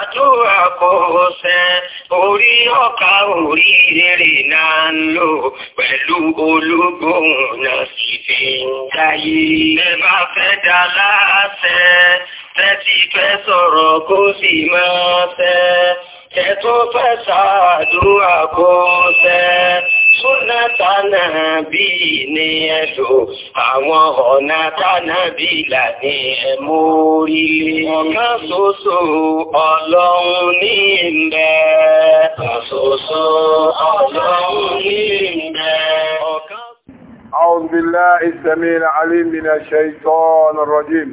Àdúrà kò ṣẹ, orí ọkà orí rere náà ń lò pẹ̀lú ológbòhùn náà sì fi ń dáyé. Ẹ bá fẹ́ dá láàṣẹ, tẹ́tí fẹ́ sọ̀rọ̀ kó sì máa ṣẹ, ẹ tó fẹ́ ṣàdúrà kò ṣẹ. Súnà tánà bí ní ẹ̀lò, àwọn ọ̀nà tánà bí là ní ẹmú orílẹ̀. Ọ̀kan ṣoṣo ọlọ́run ní ìbẹ̀. Ọ̀kan ṣoṣo ọlọ́run ní ìbẹ̀. أعوذ بالله السميع العليم من الشيطان الرجيم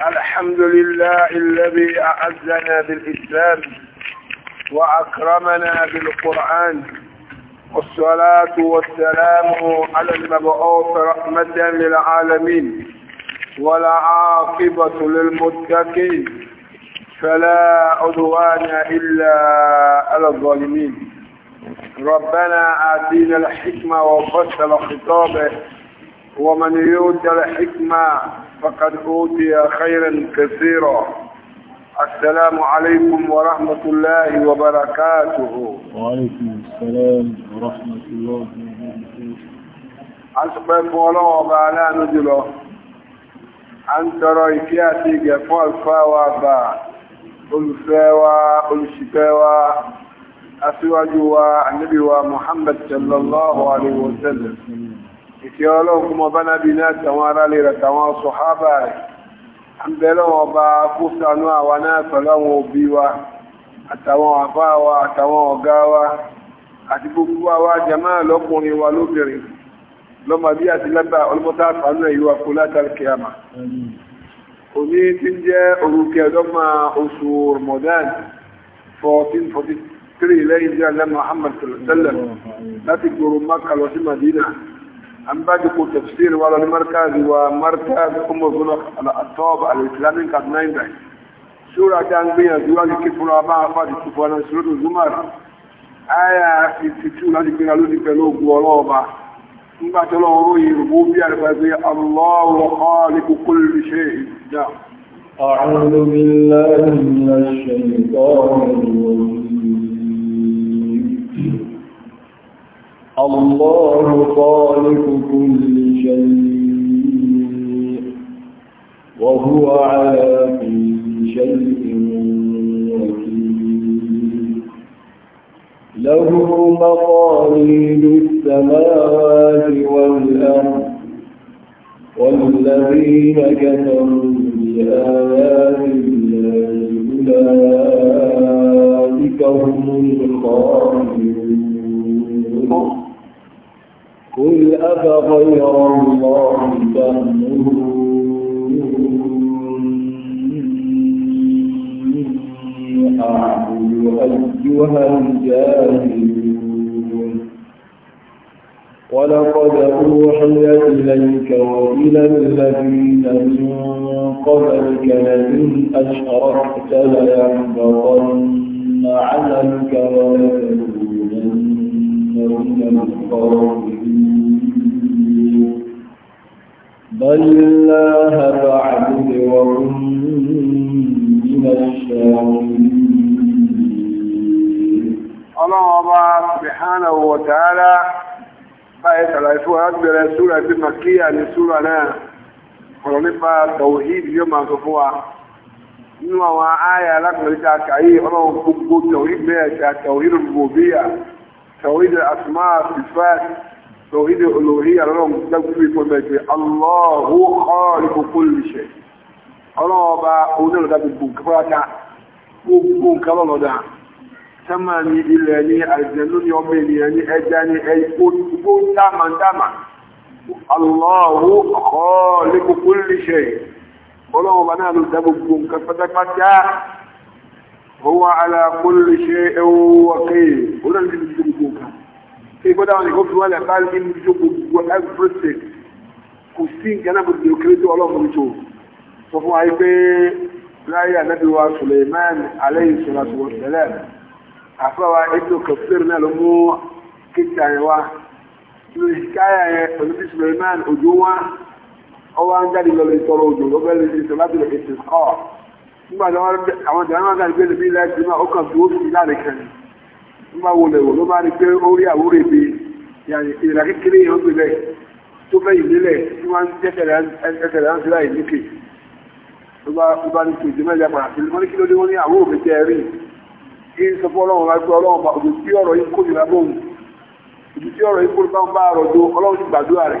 الحمد لله الذي أعزنا بالإسلام وأكرمنا بالقرآن والصلاة والسلام على المبعوث رحمة للعالمين ولا عاقبة للمتقين فلا عدوان إلا على الظالمين ربنا آتينا الحكمة وفصل خطابه ومن يؤت الحكمة فقد أوتي خيرا كثيرا السلام عليكم ورحمة الله وبركاته وعليكم السلام ورحمة الله وبركاته أسبب الله وبعلا نجله أن ترى إكياتي جفال فاوى با الفاوى الشفاوى أسواجوا النبي محمد صلى الله عليه وسلم ìfẹ́ ọlọ́run kúmọ bá nábi ní àtàwọn aráàlè rẹ̀ tàwọn sọ̀hábà rẹ̀ àbẹ̀lọ́wọ̀ ọba kúsànú àwa náà pẹ̀lọ́wọ̀n òbí wa àtàwọn àbá wa àtàwọn ọ̀gá wa àti gbogbo àwa jàmá lọ́kùnrin wa lóbìnrin lọ́mọ bí àti lábà ọlọ́mọta àfàánú ẹ̀yí wa kó látàrí kíyàmà òní ti jẹ́ orúkẹ ọdọ́mà láti gbòòrò Mákà lọ sí Madina an ba da ku tafsir wa wani markazi wa markazi kuma zuwa al'atob al'islamin kadnayin da sura ta an gbìyànjú wa kí fúnra bá a fàdí tó fọ́nà sùúrù zumar aya fifty-two láti gbéra lónìí pẹ̀lú ogun ọlọ́ọ̀ba nígbà tó lọ ròyìn rògbò bí àrùbá pé allahu khaliqu kulli shay'in náà. أعوذ بالله من الشيطان الرجيم الله خالق كل شيء وهو على كل شيء له مقاليد السماوات والأرض والذين كفروا بآيات الله أولئك هم الخاسرون قل أفغير الله تأمرون أعبد أيها الجاهلون ولقد أوحي إليك وإلى الذين من قبلك لئن أشركت ليحبطن عملك ولتكونن من الخاسرين بل الله فاعبد وكن من الشاكرين الله سبحانه وتعالى báyẹ̀ tàbí fún agbẹ̀rẹ̀ súra bí makíyà ní súra náà ọ̀rọ̀ nípa tàwíìdì yóò máa sọ fún wa nínú àwọn ayà alákùnrin tí a kàáyé ọlọ́run gbogbo tàwíìdì mẹ́ẹ̀ẹ́ توحيد الأسماء الصفات توحيد الألوهية لهم تقول فمك الله خالق كل شيء الله با أولو دا ببنكفاتا ببنكفاتا sama ni ilẹ̀ ni àjẹ̀lú ni ọmọ ènìyàn ni ẹja ni ẹgbó dámadáma Allahu khaliqu kulli shay ọlọ́wọ́ bá náà ló dá gbogbo nǹkan pátápátá هو على كل شيء وكيل ولا اللي بيجيبوك في بدا اللي قلت ولا قال ان بيجيبوك وافرسك كوستين كان بالديوكريتو الله بيجيبوك فهو عيب لا يا نبي سليمان عليه الصلاة والسلام أفوا ابن كثيرنا لمو كتايوا من حكاية النبي سليمان أجوا أو أنجل لو يتروا أجوا لو بل يتروا لو nígbà tí àwọn ìdáná náà gbé níbi láti máa ó kàn tó ó sì láre kan nígbà wo lẹ̀wọ̀ ló bá rí pé ó rí àwúrẹ̀ bí ìrìnà kékeré yẹn ó gbé bẹ́ẹ̀ tó fẹ́ ìlélẹ̀ tí wọ́n ń tẹ́tẹ̀lẹ̀ láti láì níkè ló bá ní kò jẹ́ mẹ́lẹ̀ padà sí wọ́n ní kí ló dé wọ́n ní àwọn ọlọ́run bá òjò tí ọ̀rọ̀ yìí bá ń bá àrọ̀jọ ọlọ́run ti gbàdúrà rẹ̀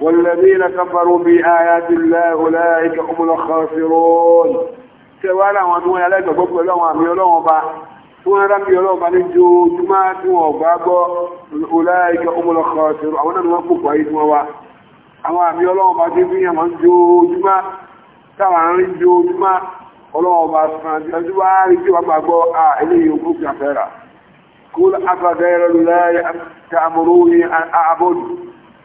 والذين كفروا بآيات الله أولئك هم الخاسرون سوالا ودون عليك بقول لهم أمي لهم با wọ́n rámi ọlọ́ọ̀bá ní jojúmọ́ tí wọ́n gbá gbọ́ ọláìkẹ́ ọmọlọ́kọ̀ ṣẹ̀rọ àwọn náà wọ́n pòpò ayé tí wọ́n wá àwọn àmì ọlọ́ọ̀bá tí bí yàn wọ́n jojúmọ́ táwọn àárín jojúmọ́ ọlọ́ọ̀bá sàn àti ọjọ́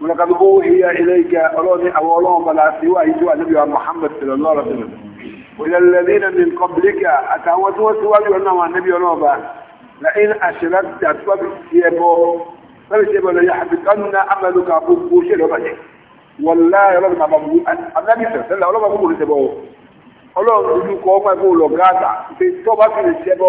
ولقد أوحي إليك أروني أو الله بلا سوى يجوى النبي محمد صلى الله عليه وسلم وإلى الذين من قبلك أتعوت وسوى أنه النبي الله لئن أشركت أتوب سيبو فبسيبو ليحبطن عملك أبوك شيء بجي والله يا ما بقول النبي صلى الله عليه وسلم ما بقول سيبو ọlọ́run ojú kọ́ ọmọ ẹgbẹ́ olọ̀gáàgbà pé tọ́ba fi lè ṣẹbọ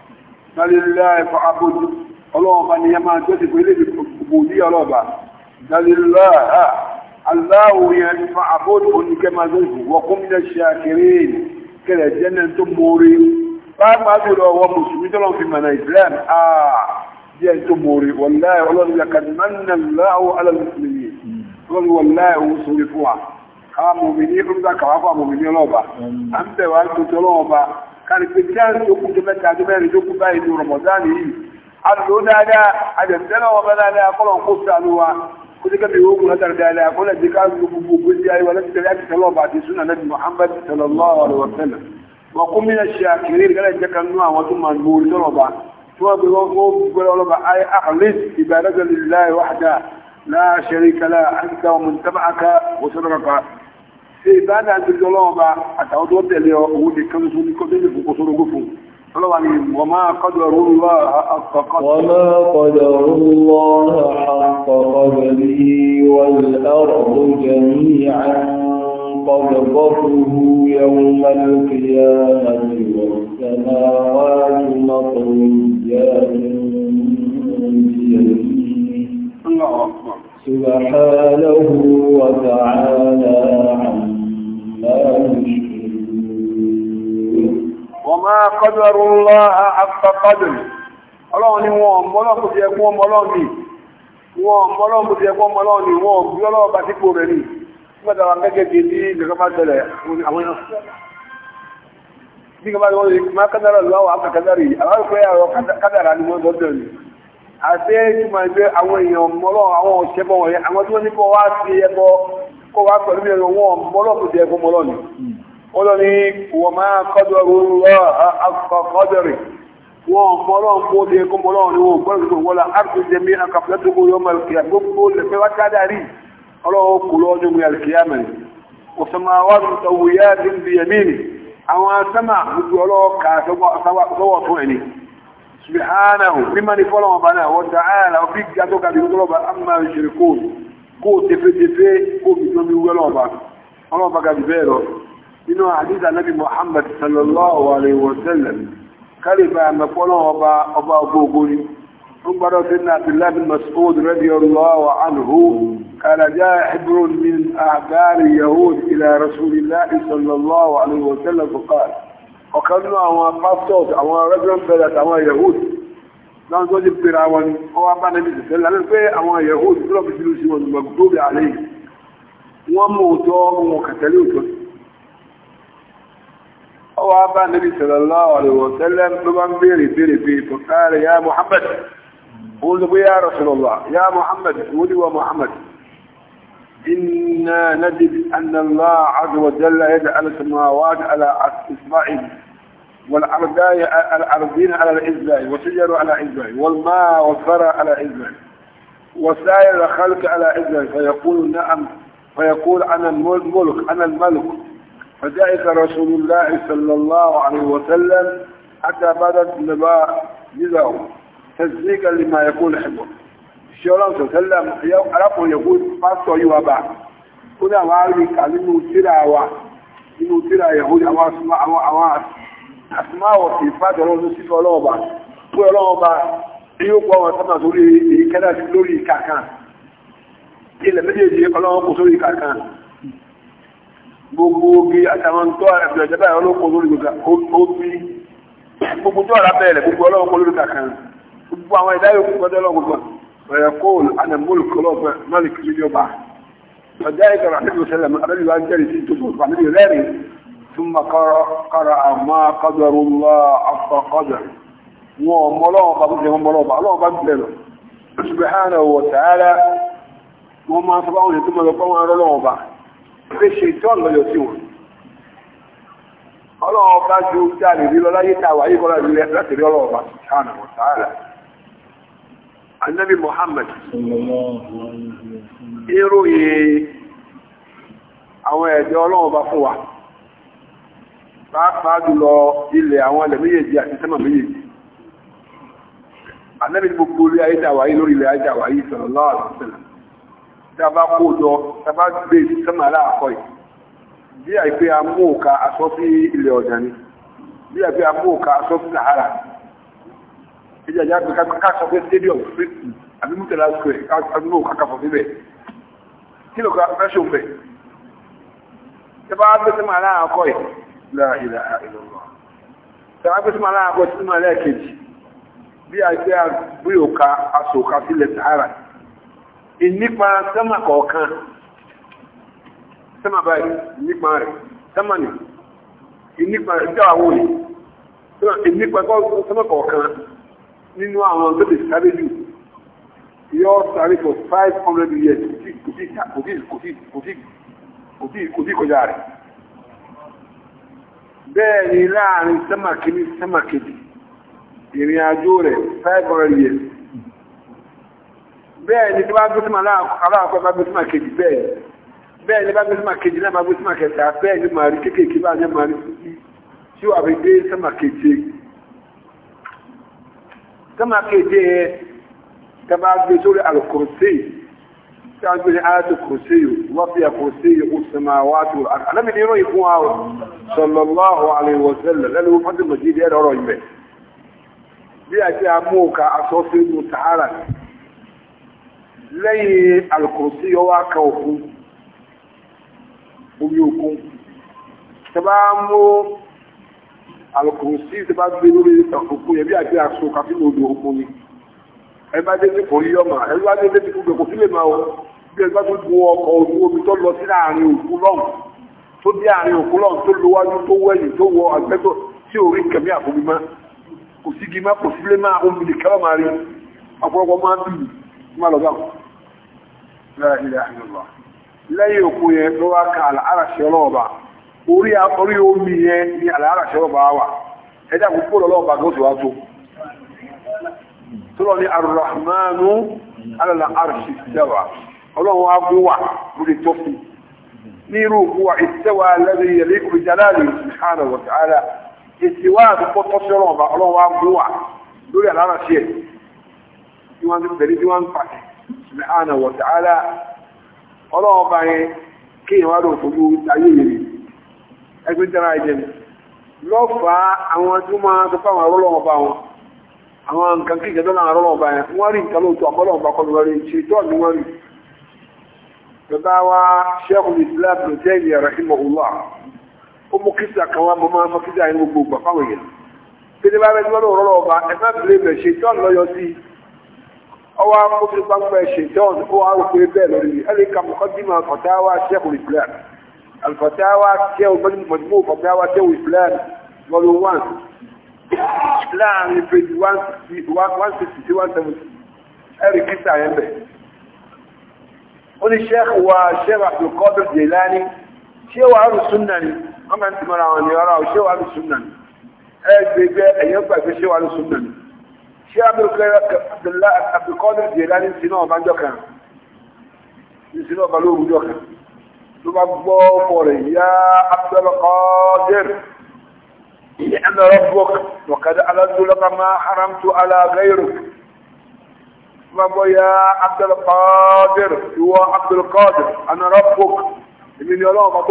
Dalilai fa abudu. Ọlọ́run bá ni yẹ máa jọ́sìn fún ilé ìgbòho ní ọlọ́ọ̀bà. Dalilai ha. Aláwo yẹn fa abudu oníkẹ́ máa jọ́sìn fún wọ́n kún ní ṣàkiri kẹlẹ̀ jẹ́nẹ̀ tó mórí. Pàápàá jùlọ wọ Mùsùlùmí ah, tó lọ́n fi mọ̀nà Ìsìlẹ̀m a jẹ́ tó mórí. Wàláyé ọlọ́run yà kàn máa kárí pé tí a ń tó kúndé mẹ́ta tó mẹ́rin tó kú báyìí ní rọmọdánì yìí alùpùpù dáadáa àjẹsẹ́nà wọn bá dáadáa kọ́lọ̀ kó sànù wa kó ní kẹ́mi ìwé òkúra tàbí dáadáa kó ṣe ìbáda àgbẹ̀jọ ọlọ́ọ̀ba àtàwọn tó tẹ̀lé owó ní kan tó ní kọ́tẹ́lẹ̀ fún kó sórogó fún ọlọ́wà ni wọ́n máa kọ́dọ̀ rúrú wá àkọ́kọ́ wọ́n máa kọ́dọ̀ rúrú wá àkọ́kọ́ bẹ̀rẹ̀ wọ́n سبحانه وتعالى máa kọ́dọ̀rọ̀ lọ àpapàdùn ọlọ́run ni wọn mọ́lọ́pù ti ẹkún ọmọlọ́ọ̀mì wọn mọ́lọ́pù ti ẹkún ọmọlọ́ọ̀mì wọn bí ọlọ́ọ̀bá tí kò rẹ̀ ní nígbàtàwà gẹ́gẹ́ bí i ìjọba tẹ̀lẹ̀ àwọn èèyàn bí kọ́bá wọn lè máa kádàrà lọ́wọ́ àpàkádàrì àwọn ìpẹ́ àwọn kádàrà ni wọ́n lọ́dọ̀ ni àti ìtumọ̀ ìgbé àwọn èèyàn mọ́lọ́ àwọn òṣèbọ̀ wọ̀nyẹn àwọn tí wọ́n ní kọ́ wá sí ẹbọ kọ́ wá pẹ̀lú ẹ̀rọ wọn mọ́lọ́pù ti ẹkún ọmọlọ́ọ̀mì ọlọ́ni wọ́n máa kọ́dọ̀rọ̀ akọ̀kọ́dọ̀rẹ̀ wọ́n mọ́rọ̀ mọ́dé kó mọ́rọ̀ ní wọ́n gbọ́rọ̀ wọ́n la áàrùn jẹ́mí akàfẹ́tòkó yọ malkiyar gbogbo lẹ́fẹ́ wá kádàrí ọlọ́wọ́ kùlọ ní malkiyar mẹ́rin ọ̀sánmáwá tọwúyá dín bí yẹmínì àwọn asẹ́mà gbogbo ọlọ́wọ́ kàfẹ́wọ́ fún ẹni subhanahu mímọ́ ni fọ́lọ́ wọn bá náà wọ́n dàáyà làwọn bí gàtó kàbí gbọ́lọ́ba ọlọ́ọ̀bá kàbí bẹ́ẹ̀ lọ́ọ̀ nínú àdídà nábi Muhammad sallallahu alaihi wasallam kálífà àmẹ́kọ́nà ọba ọba ogogo ni ń gbọ́dọ̀ sí ní Abdullahi bin Mas'ud radiyallahu anhu kala jaa hibrun min ahbari yahud ila rasulillahi sallallahu alaihi wasallam fukar ọ̀kan nínú àwọn pastors àwọn reverend brothers àwọn yahud náà tó ti pèrè àwọn ọwọ́ bá níbi ìṣẹ̀lẹ̀ lálẹ́ pé àwọn yahud tó lọ́pìtì lù sí wọn gbogbo àlẹ́ wọ́n mú òótọ́ wọn kàtẹ́lẹ́ òótọ́ sí وعطى النبي صلى الله عليه وسلم لمن بيري بيري بيري فقال يا محمد قلت يا رسول الله يا محمد يا محمد إنا نجد أن الله عز وجل يجعل السماوات على إسماعيل إسرائيل والأرضين على الإزلاي وسجروا على إزلاي والماء والثرى على إزلاي وسائر الخلق على إزلاي فيقول نعم فيقول أنا الملك أنا الملك فجاءت رسول الله صلى الله عليه وسلم حتى بدت النباء جزءه تزيكا لما يكون حبه الله صلى الله عليه وسلم ربه يقول فاتوا يوابا هنا وعليك أنه ترى إنه ترى يهود أو أسماء أو أسماء وصفات الله صفة الله ọlọ́ọba yóò pọ̀ wọn sọ́nà sórí ìkẹ́dà lórí ìkàkàn ilẹ̀ méjèèjì ọlọ́wọ́ kò sórí ìkàkàn gbogbo oge àtàwọn tó ẹ̀fẹ̀ ìjọba ẹ̀rọ ló kọ lórí obi gbogbo tó ara bẹ̀rẹ̀ gbogbo ọlọ́wọ́ kọ lórí kankan gbogbo àwọn ìdá yòókù gbọdọ̀ ọlọ́wọ́ gbogbo ọ̀yẹ̀ kóòl anamol kọlọ́ọ̀bẹ malik lójọba ọjà ìkọrọ àdébò sẹlẹ̀ àdébò wa jẹ́rìí sí tó sọ̀rọ̀ àdébò rẹ́rìn tún ma kọ́ra àmọ́ kọ́dọ̀rù lọ afọ kọ́dọ̀rù wọn ọmọ ọlọ́wọ́ bá gbogbo ọmọ ọlọ́wọ́ bá ọlọ́wọ́ bá gbogbo lọ subhanahu wa ta'ala wọn pé ṣe ìtọ́ lọ́yọ̀ sí wọn ọlọ́wọ́ bá ju tí a lè rí lọ láyé tá a wáyé kọ́lá ìlú láti rí ọlọ́wọ́ bá ti sáànà wọ̀ sáàrà annabi muhammad ìròyìn àwọn ẹ̀dẹ́ ọlọ́wọ́ bá fún wa pàápàá jùlọ ilẹ̀ àwọn ilẹ̀ méjèèjì àti sẹ́mà méjèèjì annabi gbogbo orí ayé tá a lórí ilẹ̀ ayé tá a wáyé sallallahu alaihi wasallam dábàá kó jọ dábàá gbé sẹ́mà aláàkọ́ yìí bí àìpé amóòka aṣọ sí ilẹ̀ ọ̀dà ni bí àìpé amóòka aṣọ sí sahara ìjà ìjà pé ká sọ pé stadium fífi àbí mutala square amóòka kàfọ̀ síbẹ̀ kí ló ká fẹ́ ṣòun bẹ̀ dábàá gbé sẹ́mà aláàkọ́ yìí láìlà ìlọ́lọ́ dábàá gbé sẹ́mà ìnípa sẹ́mà kọ̀ọ̀kan sẹ́mà báyìí ìnípa rẹ̀ sẹ́mà nì ìnípa rẹ̀ jẹ́ àwọn òní ìnípa sẹ́mà kọ̀ọ̀kan nínú àwọn tó lè sáré jù yóò sáré for five hundred years kò sí kọjá rẹ̀ bẹ́ẹ̀ ni láàrin sẹ́mà kìíní sẹ́mà kejì ìrìn àjò rẹ̀ five hundred years bẹ́ẹ̀ ni tí wá gbésímà aláàkọ́ bá gbésímà kejì bẹ́ẹ̀ bẹ́ẹ̀ ni bá gbésímà kejì náà bá gbésímà kẹta bẹ́ẹ̀ ni màá rí kéékèèké bá ní màá rí títí tí wà fi dé sẹ́mà keje sẹ́mà keje yẹ tẹ́bà gbé sórí alukọ̀ọ̀sẹ́ tí wọ́n gbé ní ayatò kọ̀ọ̀sẹ́ yìí wọ́n sahara lẹ́yìn alkùrùsí ọwá ka òkun orí òkun tẹbá mú alkùrùsí tẹbá gbé lórí òkun yẹ̀bí àti àṣò kàfí lòdò òkun ni ẹgbá dé ní kòrí ọmọ ẹgbá dé ní kòrí ọkọ̀ sílẹ̀ máa bí ẹgbá tó bu ọkọ̀ ojú omi tó lọ sí láàrin òkun lọ́hùn tó dé àárín òkun lọ́hùn tó lówájú tó wẹ̀yìn tó wọ àgbẹ́tọ̀ tí orí kẹ̀mí àfọ̀gbìmá kò sí gímá kò sílẹ̀ máa omi nìkan máa má lọ báwọn láàrin àìlọ́lá lẹ́yìn òkú yẹn ló wá ka àlàáràṣẹ́ ọlọ́ọ̀bà orí orí omi yẹn ni àlàáràṣẹ́ ọlọ́ọ̀bà wà ẹjá púpọ̀ lọ́ọ̀bà gan tó wá tó tó lọ ní arrahmanu alàlà arṣì ìjẹwà ọlọ́run wá kú wà lórí tọ́fì ní irú òkú wà ìṣẹ́wà lẹ́yìn yẹlé olùjálàlì subhanahu wa ta'ala ìṣẹ́wà àti pọ́tọ́sọ́rọ̀ ọba ọlọ́run wá kú wà lórí àlàáràṣẹ́ tí wọ́n ń bẹ̀rẹ̀ tí wọ́n ń pàṣẹ subhanahu wa ta'ala yẹn kí ìwà rò fojú ayé yìí ẹgbẹ́ jẹ́ra ẹ̀jẹ̀ lọ́fà àwọn tí tó fáwọn wọn àwọn nǹkan kí ìjẹ́ yẹn ọwọ́ amófin pápẹ́ ṣètọ́n ó wá rò pé bẹ́ẹ̀ lórí ẹ̀rí ka mọ̀kọ́dìmọ̀ fatawa Sheikhul Islam alfatawa Sheikh mọ̀dúnmọ̀ fatawa Sheikhul Islam volume one láàrin page one sixty sí one seventy ẹ̀rí kíta yẹn bẹ̀. ó ní Sheikh wa Sheikh Abdul Qadir Jilani ṣé wàá rò súnà ni wọ́n máa ń tìmọ̀ra wọn ní ọ̀rọ̀ ṣé wàá rò súnà ni ẹ̀ẹ́dẹ̀gbẹ́ ẹ̀yẹ́ gbàgbé ṣé wàá rò súnà ni ṣé abdulkadir jẹ̀dá ní sinú ọba ń jọkàn ní sinú ọba lóòrùn jọkàn ló bá gbọ́ ọmọ rẹ̀ yá abdulkadir ní ẹnà rọ́bùk wọ̀kadà aládùlọ́kà máa haramtu alágẹ́rù ló bá gbọ́ yá abdulkadir ìwọ abdulkadir ẹnà rọ́bùk èmi ni ọlọ́run bá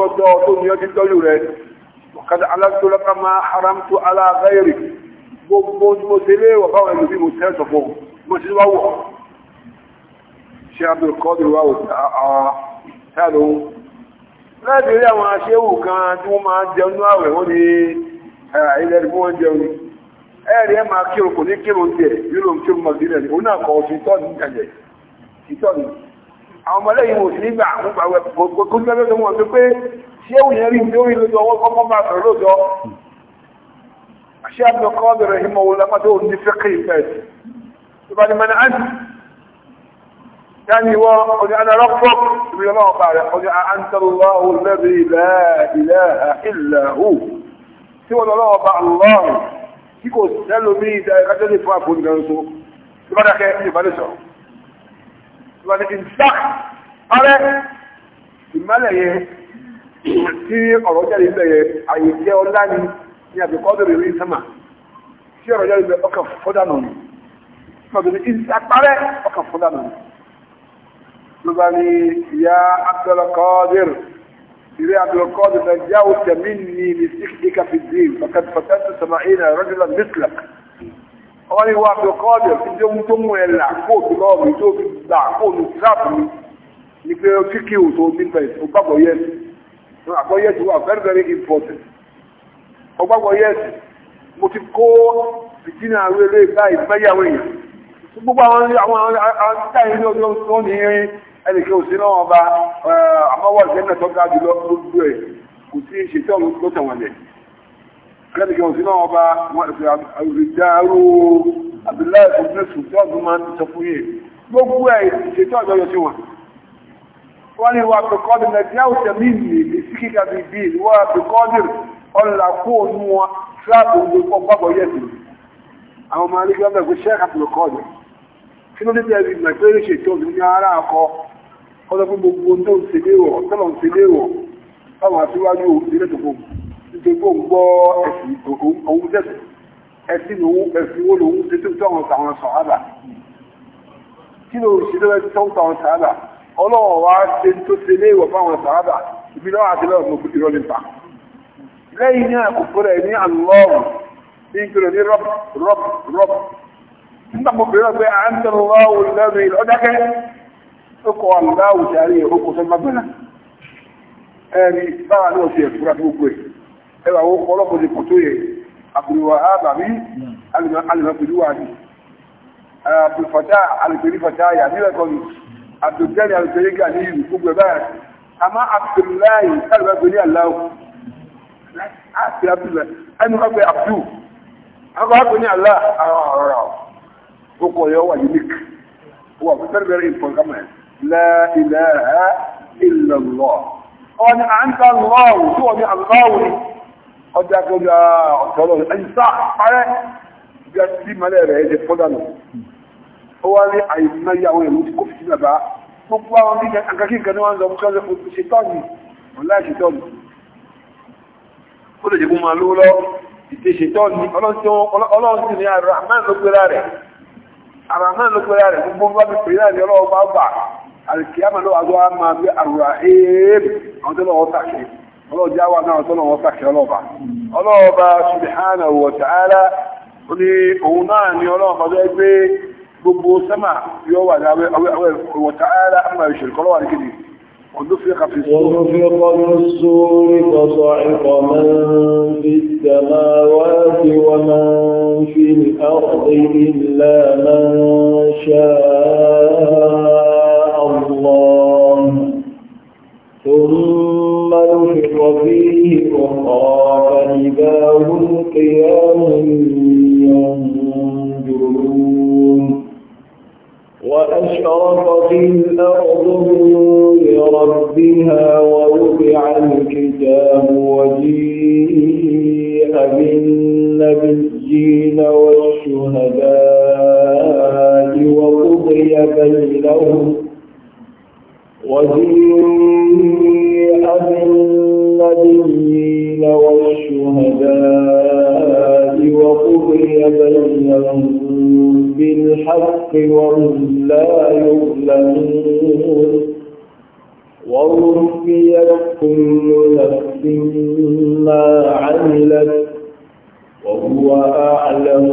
tó ní ọdún tọ́jú rẹ̀ wọ̀kadà aládùlọ́kà máa haramtu alágẹ́rù gbogbo tí mo ṣe léèwọ̀ báwọn ẹlòmí mo ṣe ẹ̀sọ̀ fún mo ṣe wá wọ̀ ṣe Abdul Qadir wa ò tá ló láti rí àwọn aṣẹ́wò kan tí wọ́n máa jẹun ní àwẹ̀ wọ́n ní ilẹ̀ tí wọ́n jẹun ní ẹ̀rí ẹ̀ máa kírun kò ní kírun tiẹ̀ yóò kírun mọ̀lẹ́lẹ̀ ní òun náà kọ̀ ọ̀sùn ìtọ́ni jẹjẹ ìtọ́ni àwọn ọmọlẹ́yìn wò sí nígbà àwọn gbàgbẹ́ kó àṣẹ àbẹ̀kọ́bẹ̀ rẹ̀ hímọ̀ wọn lọ́pàá tó ní fẹ́ kéyì fẹ́ẹ̀sì tó bá ní mẹ́ni àti yáni wọ́n ọdí anarọ́pọ̀ ìbí ọlọ́wọ́ bá rẹ̀ ọdí àǹtàlọ́wọ́ lẹ́bí ilẹ̀ ilẹ̀ ilẹ̀ hù tí wọ́n lọ́wọ́ bá lọ́rùn tí kò sẹ́lò mí ìdá ẹ̀kájọ́ lè fún àpò nìkan so tó ní àbíkọ́dọ̀ rẹ̀ ní sẹ́mà tí ọ̀rọ̀ yẹ́ ibẹ̀ ọkà fọ́dà nà ní ọdún ìsàpárẹ́ ọkà fọ́dà nà ní ló bá ní ìyá abdulkadir ìrẹ́ abdulkadir náà já o tẹ̀mí ní ní síkìdíkà fi dì ọkà fọ́tẹ́tù sọmọ ìnà rọ́jùlọ mislak ọwọ́n ni wà abdulkadir tí ó mú tó mú ẹ là kó o tùlọ́ mi tó fi gbà kó o lù tíráàpù mi ní pé kíkì òtò nípa ìgbàgbọ́ yẹn àgbọ́yẹ̀ tí wà very very important ọgbàgbọ́ yẹ́sì mo ti kó bìtínà rere báyìí mẹ́yàwó èèyàn gbogbo àwọn àtàrí ní ọdún tó ní ẹnìkẹ́ òsì náà ọba àmọ́wọ́ ìṣẹ́nà tó ga jùlọ gbogbo ẹ̀ kò sí ṣètò ló tẹ̀wọ̀lẹ̀ ẹnìkẹ́ òsì náà ọba àrùdáàrú Abdullahi kòmínẹ́sù tó ọdún máa ń sọ fún yìí gbogbo ẹ̀ ṣètò àjọyọ̀ sí wọn wọ́n ni wà pẹ̀kọ́dì nàìjíríà òṣèlú ìlú sí kíkà bíi bíi wọ́n pẹ̀kọ́dì ọ̀là kú òun wọn tíráàpù òun pọ̀ àwọn ọmọ alẹ́gbẹ́ ọmọ ẹ̀kọ́ ṣẹ́ẹ̀kì àti lọ́kọ́ ọ̀dọ̀ kí ló dé ẹbí mọ̀ pé ó ṣe tó ní ara akọ ọdọ fún gbogbo tó ń ṣẹlẹ̀ wọ̀ tọ́lọ̀ ń ṣẹlẹ̀ wọ̀ táwọn aṣíwájú ìdílé tó kò nítorí pé òun gbọ́ ẹ̀sìn òun dẹ̀sìn ẹ̀sìn òun ẹ̀sìn wo lòun ṣe tó tọ́wọ́n sàwọn sàábà kí ló ṣe lọ́wọ́ tó tọ́wọ́n sàábà ọlọ́wọ́ wa ṣe tó ṣẹlẹ̀ wọ̀ fáwọn sàábà ìbí náà àti lọ́wọ́ lẹ́yìn náà kò fún ní kìrò ní rọ́b rọ́b rọ́b nígbà mo bèèrè pé à ń tẹ̀lé lọ́wọ́ ní àti abdullah ẹnu kan pé abdul akọ akọ ní allah àwọn ọ̀rọ̀ rà ó kọ yọ wà unique wà very very important man la ilaha ọjà tó ga ọ̀tọ̀ parẹ́ bí a ti malẹ̀ rẹ̀ ẹ̀jẹ̀ fọ́dà ó wá ní àyìnmáyé àwọn ìlú tí kò fi sí bàbá gbogbo àwọn akẹ́kẹ́ ìkànnì wọn lọ mú kánlẹ̀ òṣèṣẹ́ tọ́ọ̀nù ọ̀la ìṣẹ́ ó lè jẹ́gbọ́n máa lówó lọ ìtẹ́ṣẹ̀tọ́ ni ọlọ́run ni àràmán ló pẹ́lá rẹ̀ àràmán ló pẹ́lá rẹ̀ gbogbo bá fi pèlá rẹ̀ ọlọ́wọ́ bá bà àrìkíyàmà ló wà lọ́wọ́ máa bí àrùrà èèbì àwọn tó lọ́wọ́ sàkè ọlọ́run jáwà náà tó lọ́wọ́ sàkè ọlọ́ba ọlọ́ba subhanahu wa ta'ala ó ní òun náà ni ọlọ́run bá bẹ́ẹ̀ gbé gbogbo sẹ́mà yóò wà láwẹ́ wọ̀tàálà àmà ìṣèlú kọ́lọ́wà ní kejì ونفق في الصور فصعق من في السماوات ومن في الأرض إلا من شاء الله ثم نفق فيه أخرى فإذا هم قيام يوم وأشرقت الأرض لربها ووضع الكتاب وجيء بالنبيين والشهداء وقضي بينهم وجيء بالنبيين والشهداء وقضي بينهم بالحق وهم لا يظلمون ووفيت كل نفس ما عملت وهو أعلم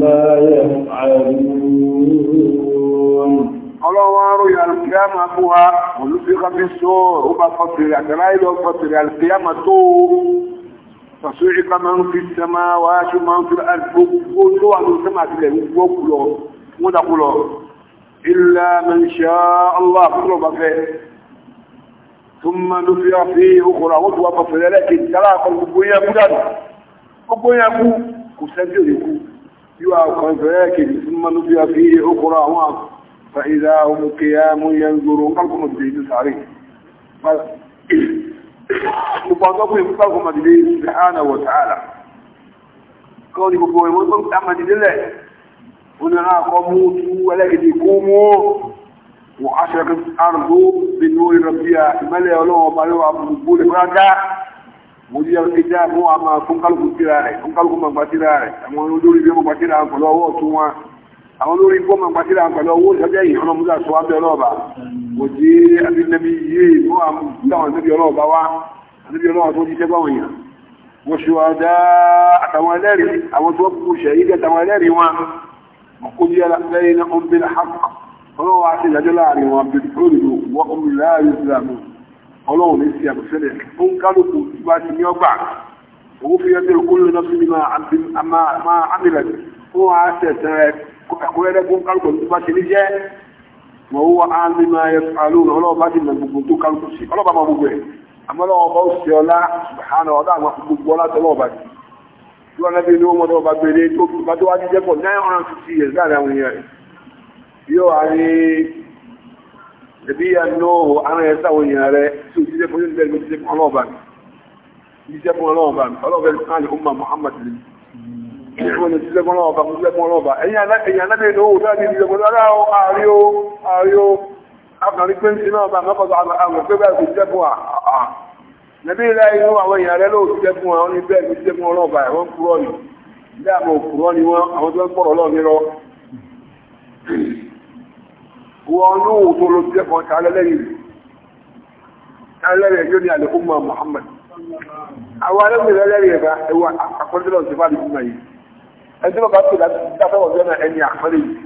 ما يفعلون ọlọ́wọ́rọ̀ yà alkiyama fún wa olùfíkà fi sọ́ọ̀rọ̀ bá fọ́tìrì àtàrà ìlú fọ́tìrì tó fàṣíríkà máa ń fi sẹ́mà wá ṣe máa ń fi gbogbo tó wà ní sẹ́mà sílẹ̀ gbogbo kúlọ̀ wọ́n dákúlọ̀ ilẹ̀ mẹ́ṣẹ́ allah kúlọ̀ bá fẹ́ túnmọ̀ ló fi àfi okòrò àwọn tó wà bá fẹ́rẹ́ lẹ́kẹ̀ dára kan gbogbo yẹn kú dànù gbogbo yẹn kú kò sẹ́ńtì òde kú yíwá kan fẹ́rẹ́ lẹ́kẹ̀ túnmọ̀ ló fi àfi okòrò àwọn fa'idá ohun kẹyà mú yẹn zoro kálkùnmọ̀ gbogbo àwọn tọ́kùnrin fún fáwọn ọmọdé subhanahu wa ta'ala kọ́ ni gbogbo ìwọ́n tó ń ta ọmọdé lẹ̀ onírà kọ́ mú tú ẹlẹ́gẹ̀dẹ̀ kó mú wọ́n aṣọ́kẹ́ àrùgbó nínú ìrọ̀bíà ìmẹ́lẹ̀ ọlọ́wọ́ òjì abínẹ́bí yé ìlú àwọn ànábì ọlọ́run bá wá ànábì ọlọ́run tó jíṣẹ́ báwọn èèyàn wọ́n ṣe wá dá àtàwọn ẹlẹ́rìí àwọn tó kú ṣẹ̀yí dẹ̀ àtàwọn ẹlẹ́rìí wọn kó jẹ́ lẹ́yìn náà ń bẹ̀rẹ̀ hàp ọlọ́run wá sí ìdájọ́ láàrin wọn bí lónìí wọ́n وهو عالم ما يفعلون ولو ما جنا بقول كان كسي ولو ما بقول أما لو بقول سيلا سبحانه وتعالى ما بقول ولا تلو بعد شو أنا بيلو ما تلو بعد بيلي تو بعد واحد يجيبه نعم أنا كسي يزعل يعني يو علي نبي أنه أنا يسوي يعني شو يجيبه ينزل يجيبه الله بعد يجيبه الله بعد الله بعد قال أمة محمد ìgbóni sílẹ̀gbọ́n ọba sílẹ̀gbọ́n ọba ẹ̀yìn alábẹ̀ẹ́ni ó dáadé ìjọba ara ó ààrí ó ààrí ó afẹ́rí pé ń sin náà bá mọ́kànlá àwọn pé báyìí kò jẹ́kùn àà nàbí ẹ̀wọ́n kúrọ́ ni òkúrọ́ ẹni tí wọ́n bá pè láti dáfẹ́ wọ̀ jẹ́ ẹni àpẹẹrẹ yìí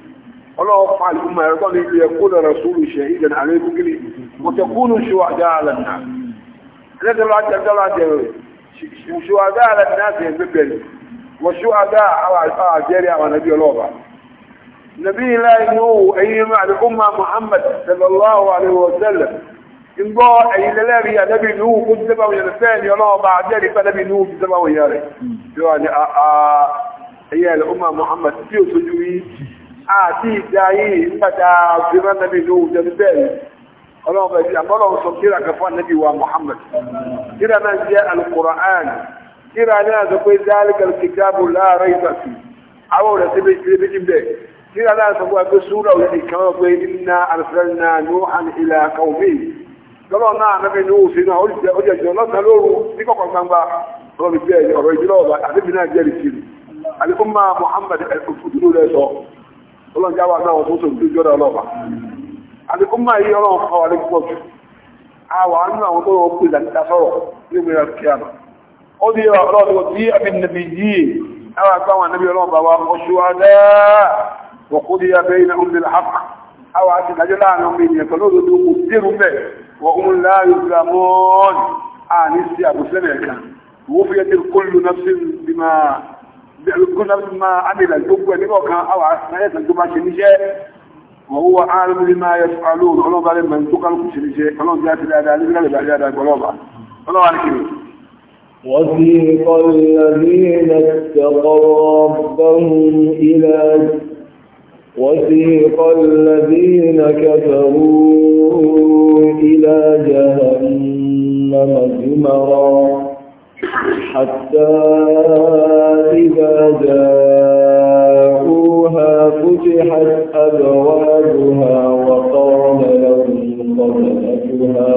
ọlọ́wọ́ fún àlùmọ̀ ẹ̀rọ tó ní ilé ẹ̀kọ́ lọ́rọ̀ sóòlù ṣe ìdẹ̀ ààrẹ kúkìlì mọ̀tẹ̀kúnù ṣùwàdá àlẹ̀ náà ẹlẹ́dẹ̀rọ̀ àjẹ́dọ́rọ̀ àjẹ́rẹ̀ ṣùwàdá àlẹ̀ náà ti ẹgbẹ́ bẹ̀rẹ̀ wọ́n ṣùwàdá àjẹ́rẹ̀ àwọn nàbí ọlọ́ọ̀bà nàbí ilá inú ẹ̀yìn àdìkúnmá Muhammad sallallahu alaihi wa sallam ń gbọ́ ẹ̀yìn lẹ́lẹ́rì àdẹ́bì inú kó ti sẹ́bà wọ̀nyẹ̀rẹ̀ fẹ́ẹ̀ ni ọlọ́ọ̀bà àjẹ́rì pẹ́lẹ́bì inú ti sẹ́bà wọ̀nyẹ̀rẹ̀ ẹ̀yà ilẹ̀ ọmọ Muhammad tí ó sojú rí àti ìdáyé ìpàdà fìrán nàbí ló wùjẹ́ bẹ́ẹ̀ ọlọ́ọ̀bẹ̀ ti àmọ́lọ́wọ́ sọ kíra kẹfà nàbí wa Muhammad kíra náà jẹ́ al-Qur'an kíra náà sọ pé zalikal kitabu la rayba fi àwọn ọ̀rẹ́ tí bẹ́ẹ̀ bẹ́ẹ̀ bẹ́ẹ̀ kíra náà sọ pé pé súra òun ni kàwọn pé inna arsalna Nuhan ila qaumihi lọ́lọ́ náà nàbí ló ọ̀rọ̀ ìdílọ́ọ̀bà àdébìnrin náà jẹ́rìí kiri alifuma muhammad ẹ̀kùnfùdúró rẹ̀ sọ ọlọ́njáwà náà wọ́n tó tó jọ́rọ̀ ọlọ́ọ̀bà alifuma yìí ọlọ́run kọ́ wa lẹ́kùn pọ̀jù àwọn àánú àwọn tó wọ́n pè láti sọ̀rọ̀ ní ìwé kíyàmà ó di ọlọ́run tí abin nabi yìí àwọn àgbà wọn nabi ọlọ́run bá wa ọṣù adá wọ́n kó di abẹ́ sí àbùsẹ́nẹ̀ kan كل ما عمل الجبوة لنوكا أو عسنية الجبعة شنجة وهو عالم لما يفعلون ولو من تقل شنجة ولو ذات الأداء لبنا لبعجاء ذلك ولو ظالم ولو عنك وثيق الذين اتقوا ربهم إلى وثيق الذين كفروا إلى حتى إذا جاءوها فتحت أبوابها وقال لهم خزنتها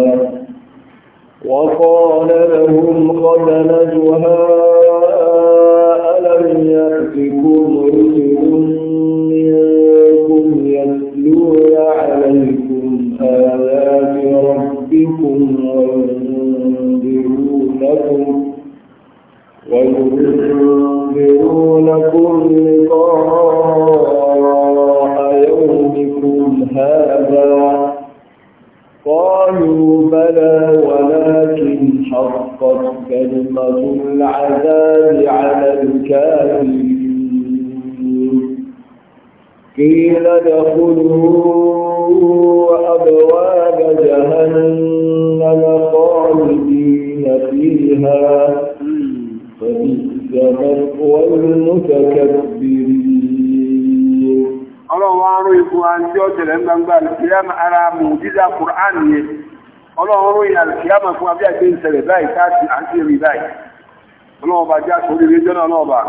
وقال لهم خزنتها ألم يأتكم بلى ولكن حقت كلمة العذاب على الكافرين قيل ادخلوا أبواب جهنم خالدين فيها فبئس مثوى المتكبرين ọlọ́run wá ń ró ipò àti ọ̀tẹ̀lẹ̀ ń gbangba lùkìlẹ́mù ara mùjíza kùránì yẹn ọlọ́run ròyìn àlùkìyàmà fún abẹ́ àgbé ìṣẹ̀lẹ̀ báyìí káàkiri àti rí báyìí ọlọ́ọ̀bà já sórí ilé jọ́nà ọlọ́ọ̀bà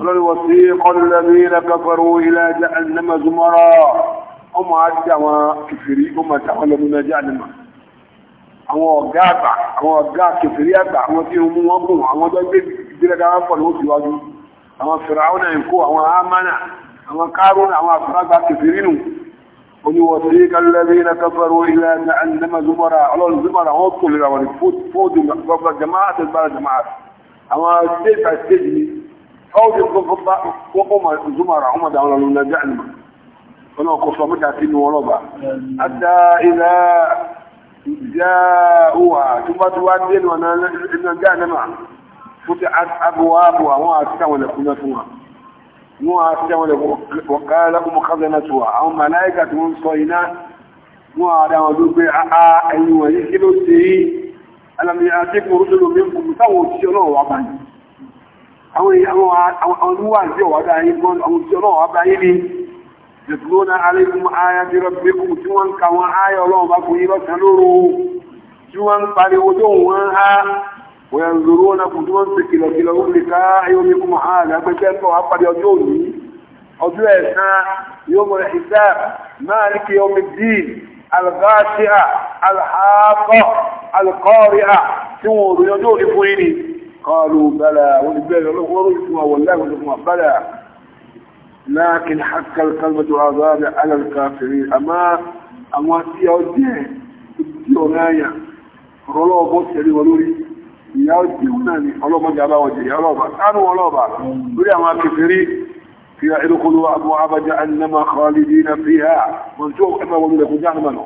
ọlọ́rin wọ́n sí kọlùlẹ́mí lẹ́gbẹ̀fẹ́rú ilẹ̀ jẹ́nàmà zumara ọmọ àti àwọn kìfìrí ọmọ àtàwọn lọ́mọ jẹ́nàmà àwọn ọ̀gá àgbà àwọn ọ̀gá kìfìrí àgbà àwọn tí wọ́n mú wọn gùn àwọn tó gbé ìgbéraga wọn pọ̀ ويوصيك الذين كفروا إلى جهنم زمرا الله زمرا هو كل رواني فوت فوت جماعة البلد جماعة أما السيف السجن أو وقوم زمرا هم دعونا لنا جهنم أنا قصة متعتين وربا حتى إذا جاءوها ثم توادين وانا جهنم فتحت أبوابها وأتكون كنتها wọ́n á tẹ́ wọn lè wọ̀kára lọ́kùnmọ̀ kábẹ̀ náà tó wà àwọn màláìkà tí wọ́n sọ iná wọ́n á dá wọn lóògbé àá ah, ah, ẹ̀yìn wọ̀n yí kí ló ṣe yí alàmì àtẹ́kùn orúdúró mi kùn táwọn òṣìṣẹ́ náà wà bá yìí àwọn olúwà sí ọ̀wà bá yìí wọ́n àwọn òṣìṣẹ́ ń وينظرونكم دون سكيلة كيلة لقاء يومكم هذا فكأنه أقل يجوني ọdún ẹ̀sán yóò mọ̀ ìdá máàlìkì yawmiddin alghashi'a alhaqa alqari'a tí wọ́n rú yọjọ́ orí fún ìní qalu bala wọ́n ti bẹ̀rẹ̀ lọ́wọ́rọ̀ ìfún àwọ̀láwọ̀ ìfún àbálà lákin haka kalmatu azab ala alkafirin amma àwọn tí ó jẹ́ tí ó ráyà rọ́lọ́ọ̀bọ̀ ìyá òjì náà ni ọlọ́mọdé aláwọ̀jẹ̀ ìyá ọlọ́ọ̀bà sánú ọlọ́ọ̀bà lórí àwọn akẹfẹ́rí fi ẹ̀dùkúlù àbú abájá annama khalidina fiha wọn tó ẹmọ wọn lẹkùn jáàmà lọ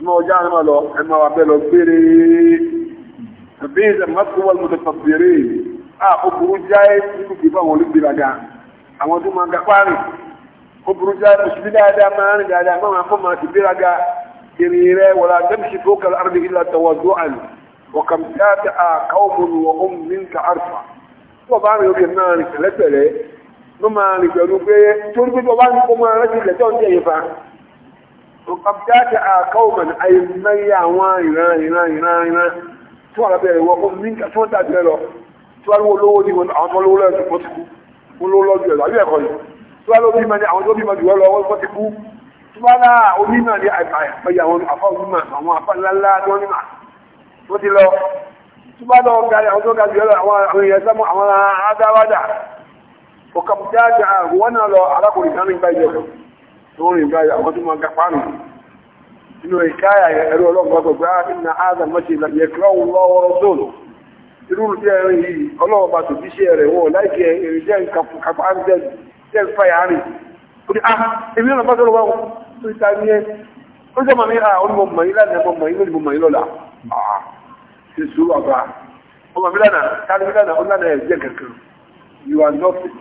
ẹmọ wọn jáàmà lọ ẹmọ wọn abẹ lọ gbére ẹbí ìdá mọ́tòwọ́l mọ́tòfàfẹ́rẹ́ à ó burú jáì nínú ìbá wọn olùgbéraga àwọn tó máa ń gapárì وكم تاتع قوم وهم منك عرفة وبعض يقول لنا نسلسة لي نما نقول بي تقول بي وبعض يقول ما رجل لتون جيفا وكم تاتع قوما أي من يعوان هنا هنا هنا هنا تقول بي وهم منك تقول تاتع له ولو دي من عمل ولا تقصكو ولو لو دي أبي أقول تقول له بما نعوان دو بما جوال وول فتكو تقول لا أمينا لي أبعي فيا هم أفا أمينا هم أفا لا لا دوني ó ti lọ tó bá lọ ga àwọn tó ga jù lọ àwọn èèyàn sẹ́mu àwọn adáwádà ọ̀kà jáde àwọn náà lọ arákùnrin kan nígbà ìjọ tó rìn báyìí àwọn tó máa ga pánù nínú ìkáyà ẹ̀rọ ọlọ́gbọ́n gbogbo ààrẹ ní àádà mọ́ṣe ìlànà lọ́wọ́rọ́ sóòlù irú tí ẹ̀rin yìí ọlọ́ọ̀bá tó bí ṣe rẹ̀ wọ́n láìkí ẹ̀rin jẹ́ ìkàpá jẹ́ ìfàyà rìn ó ní ah èmi náà bá sọ́rọ̀ wá tó ìta ní ẹ́ ó sọ́mọ̀ ní ah olùmọ̀ mọ̀ ṣe sùúrù àbá ọmọ mi lánàá káàdì mi lánàá kankan you are nothing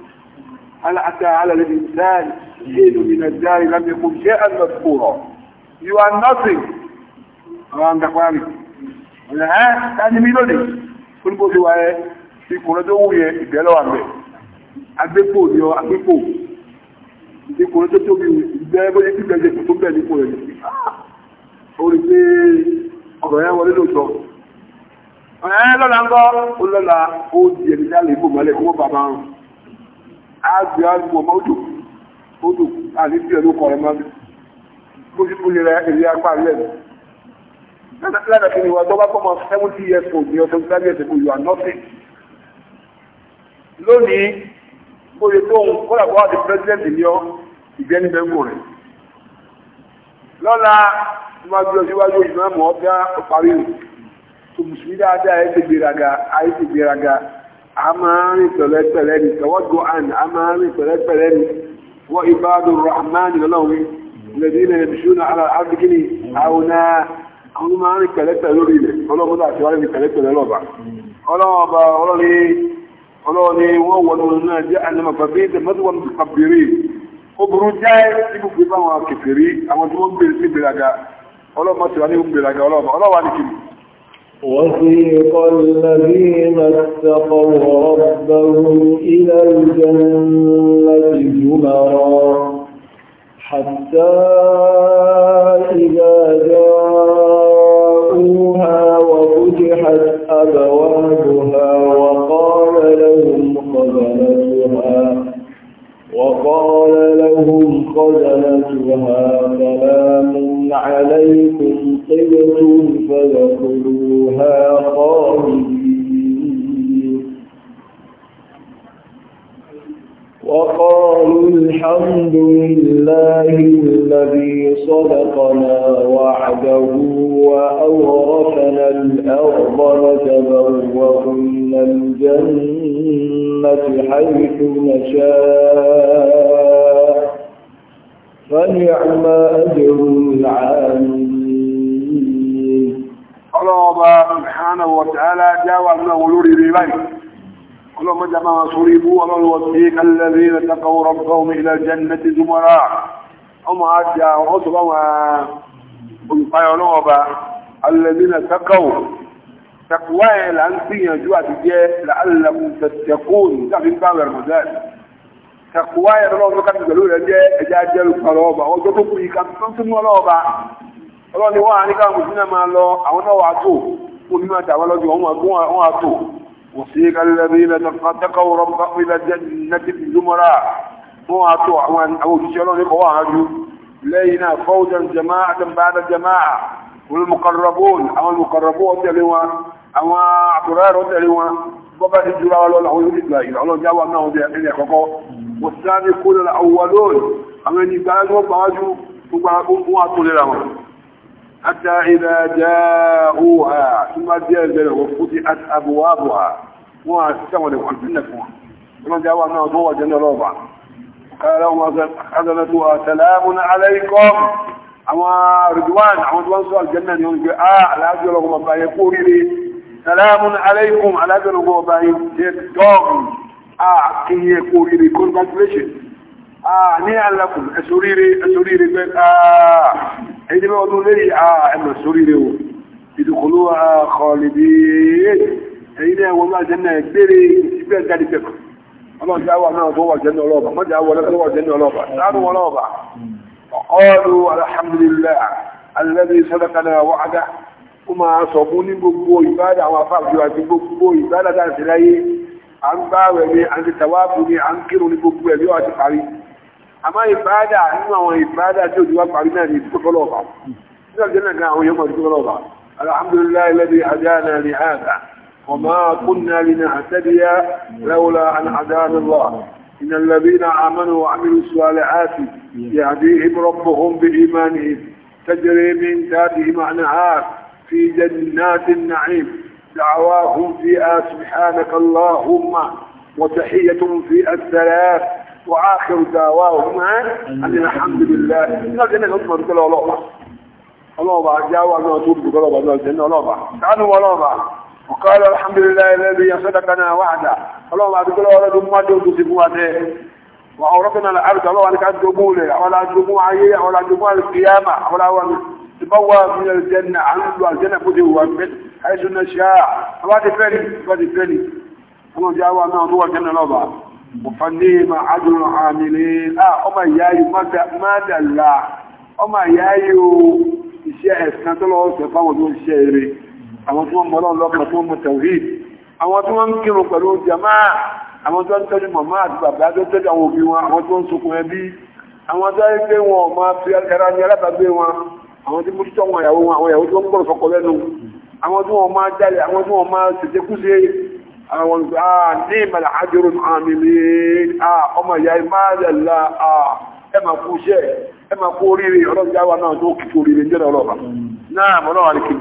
aláta alàlẹ́ mi dáàrí ṣé mi náà dáàrí lábẹ́ kó jẹ́ àná kúrọ̀ you are nothing àwọn àǹdàkwárì ọ̀nà ẹ́ káàdì mi lónìí fún bó ti wáyé ìkùnrin tó wù yẹn ìgbẹ́lọ́wà mẹ́ agbépo ni ọ agbépo ìkùnrin tó tóbi ìgbẹ́ bóyá tí bẹ́ẹ̀ tó bẹ́ẹ̀ nípò rẹ̀ ni ah! ó rí pé ọ̀rọ̀ yẹn wọlé lóòótọ́ ẹ̀ lọ́la ńkọ́ ó lọ́la ó di ẹni dálé ibò mọ́lẹ̀ kó bàbá rùn á gbé àgbò ọmọ odò odò àti bí ẹnu kọ̀ ẹ̀ máa bó ti bú nira èrè apá rẹ̀ lẹ́nà kí ni wọ́n tọ́wọ́ kọ́ mọ́ seventy years old ní ọ̀sẹ̀ gbájú ẹ̀sẹ̀ kò yọ ànọ́sẹ̀ lónìí bó ṣe tóun kọ́lá bọ́ àti president ní ọ ìgbẹ́ni bẹ́ẹ̀ ń wò rẹ̀ lọ́la tí wọ́n á gbé ọ síwájú ìgbìmọ̀ ọ̀gá parí rẹ̀ tó mùsùlùmí dáadáa ayé ti gbéraga ayé ti gbéraga a máa ń rìn pẹ̀lẹ́pẹ̀lẹ́ ni tẹ̀wọ́gbọ́ àn a máa ń rìn pẹ̀lẹ́pẹ̀lẹ́ ni wọ́n ibadu rahman lọ́wọ́ lẹ́dí ilẹ̀ ìṣúná aláàbíkíní àwọn àwọn máa ń rìn pẹ̀lẹ́pẹ̀lẹ́ lórí ilẹ̀ ọlọ́mọdé àti wọ́n rìn pẹ̀lẹ́pẹ̀lẹ́ lọ́ba ọlọ́ọ̀ba ọlọ́ni wọ́n wọ́n wọn náà jẹ́ anamọ̀fàbí tẹ̀mọ́tíwọ́n kàbìrì obìnrin jẹ́ ibùgbé báwọn kẹfìrí àwọn tí wọ́n gbèrè sí gbèraga ọlọ́mọ tí wọ́n ní gbèraga ọlọ́wà ní kìnnì وسيق الذين اتقوا ربهم إلى الجنة زمرا حتى إذا جاءوها وفتحت أبوابها وقال لهم خزنتها وقال لهم خزنتها سلام عليكم طبتم فلكم فيها خالدين وقالوا الحمد لله الذي صدقنا وعده وأورثنا الأرض نتبوأ من الجنة حيث نشاء فنعم أجر العاملين ọlọ́ọba subhanahu wa ta'ala jáwà náà wọn lórí rí báyìí ọlọ́mọ jama wọn sórí ibú ọlọ́wọ́ sí kálẹ́rí rẹ̀ takọ̀ rọ̀bọ̀n ilẹ̀ jẹ́nẹ́tì zumara ọmọ ajá wọn sọ bá wọn olùpayọ ọlọ́ọba alẹ́bí na takọ̀ takuwa ẹ̀ là ń gbìyànjú àti ọlọ́run ni wọ́n á ní káwọn mùsùlùmí náà máa lọ àwọn náà wàá tó omi máa tàwa lọ́jọ́ wọn á tó wọ́n sì ká lẹ́bí ilẹ̀ tẹ́kọ̀ọ́ rọ́bà ilẹ̀ jẹ́nẹ́tì ìlúmọ́ra wọ́n á tó àwọn òṣìṣẹ́ ọlọ́run kọ́ wà ájú lẹ́yìn náà fọ́ọ̀dàn jamaa àtàbàdà jamaa olùmọ̀kọ̀rọ̀bọ̀n àwọn olùmọ̀kọ̀rọ̀bọ̀n tẹ̀lé wọn àwọn àkùrẹ́rọ̀ tẹ̀lé wọn bọ́bá ti jura wọn lọ́la orí ìgbà ìlà ọlọ́jáwà náà ọdẹ ilẹ̀ kọ́kọ́ wọ́n sáré kó lọ́la àwọ̀wọ̀ lóòrùn àwọn ẹni ìgbà ẹgbẹ́ gbàwájú gbogbo àwọn àtúnlẹ̀ wọn حتى إذا جاءوها ثم جاء ذلك وفتحت أبوابها وستمر وحسنكم ثم جاءوا أنه ضوى جنة رابعة قال لهم خزنتها سلام عليكم أما رضوان أما رضوان سؤال الجنة يقول آه لا أجل لكم أبا يقول لي سلام عليكم على أجل لكم أبا يقول آه كي يقول لي congratulations Ah, ní alákùn ẹ̀sóríire ẹ̀sóríire pẹ́ àà ah, ẹni bẹ́ ọdún lẹ́yìn àà ah, ẹ̀mọ̀ sóríire o ìdùkúlú àkọọ̀lẹ̀bí ẹ̀yìn náà wọ́n máa jẹ́nà ẹgbẹ́rẹ́ ìgbẹ́ jáde pẹ̀kọ̀ ọlọ́jà wà náà tó wà jẹ́nà ọlọ́ọ̀bà mọ́jà wà náà tó wà jẹ́nà ọlọ́ọ̀bà sáàrù wọn ọlọ́ọ̀bà ọ̀ọ́lù alhamdulillah alladhi sadaqana wa'ada ó máa sọ fún ní gbogbo ìbádà àwọn afáàjọ àti gbogbo ìbádà dáàsì láyé à ń bá rẹ̀ ní àti tàwáàbù ní à ń kírun ní gbogbo ẹ̀ yóò àti parí أما إبادة إما هو إبادة جو جواب علينا يتقلوبا إذا قلنا كان الحمد لله الذي هدانا لهذا وما كنا لنهتدي لولا أن هدانا الله إن الذين آمنوا وعملوا الصالحات يهديهم ربهم بإيمانهم تجري من ذاتهم أنهار في جنات النعيم دعواهم فيها سبحانك اللهم وتحية في الثلاث وآخر دعواهما أن الحمد لله إن الجنة نطمر كل الله الله بقى جاوى أنه ترد كل الله الجنة الله بقى تعالوا الله بقى وقال الحمد لله الذي صدقنا وعدا الله بقى كل الله ما دون تسبواته وأورثنا الأرض الله أنك أنت قبوله ولا جموع أيه ولا جموع القيامة ولا تبوى من الجنة عنده الجنة كده وأنبت حيث نشاء فبعد فاني فبعد فاني الله جاوى أنه هو الجنة الله بقى mùfàndéèmà adùn àmìlè náà ah, ọmọ ìyáyí mádàlá ọmọ ìyáyí o iṣẹ́ ẹ̀sìn tọ́lọ́wọ́ tẹ̀ fáwọn tó ń ṣe eré àwọn tó ń mọ́lọ́ lọ́pàá tó ń mú tawhid àwọn tó ń kírun pẹ̀lú jamaa àwọn tó ń tọ́jú màmá àti bàbá tó tọ́jú àwọn òbí wọn àwọn tó ń sokùn ẹbí àwọn tó ń gbé wọn ọmọ ẹran àwọn ìgbà ní ìmọ̀lá àjọrò àmìlì ọmọ ìyá ìmáàlẹ̀lá ẹmà kú iṣẹ́ ẹmà kú oríire ọlọ́gbàwà náà tó kìtò oríire jẹ́ ọlọ́ba náà mọ́ náà rikí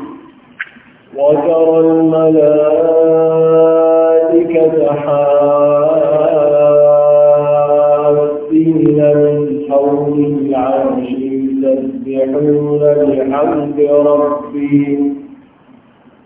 وترى الملائكة حافين من حول العرش يسبحون بحمد ربهم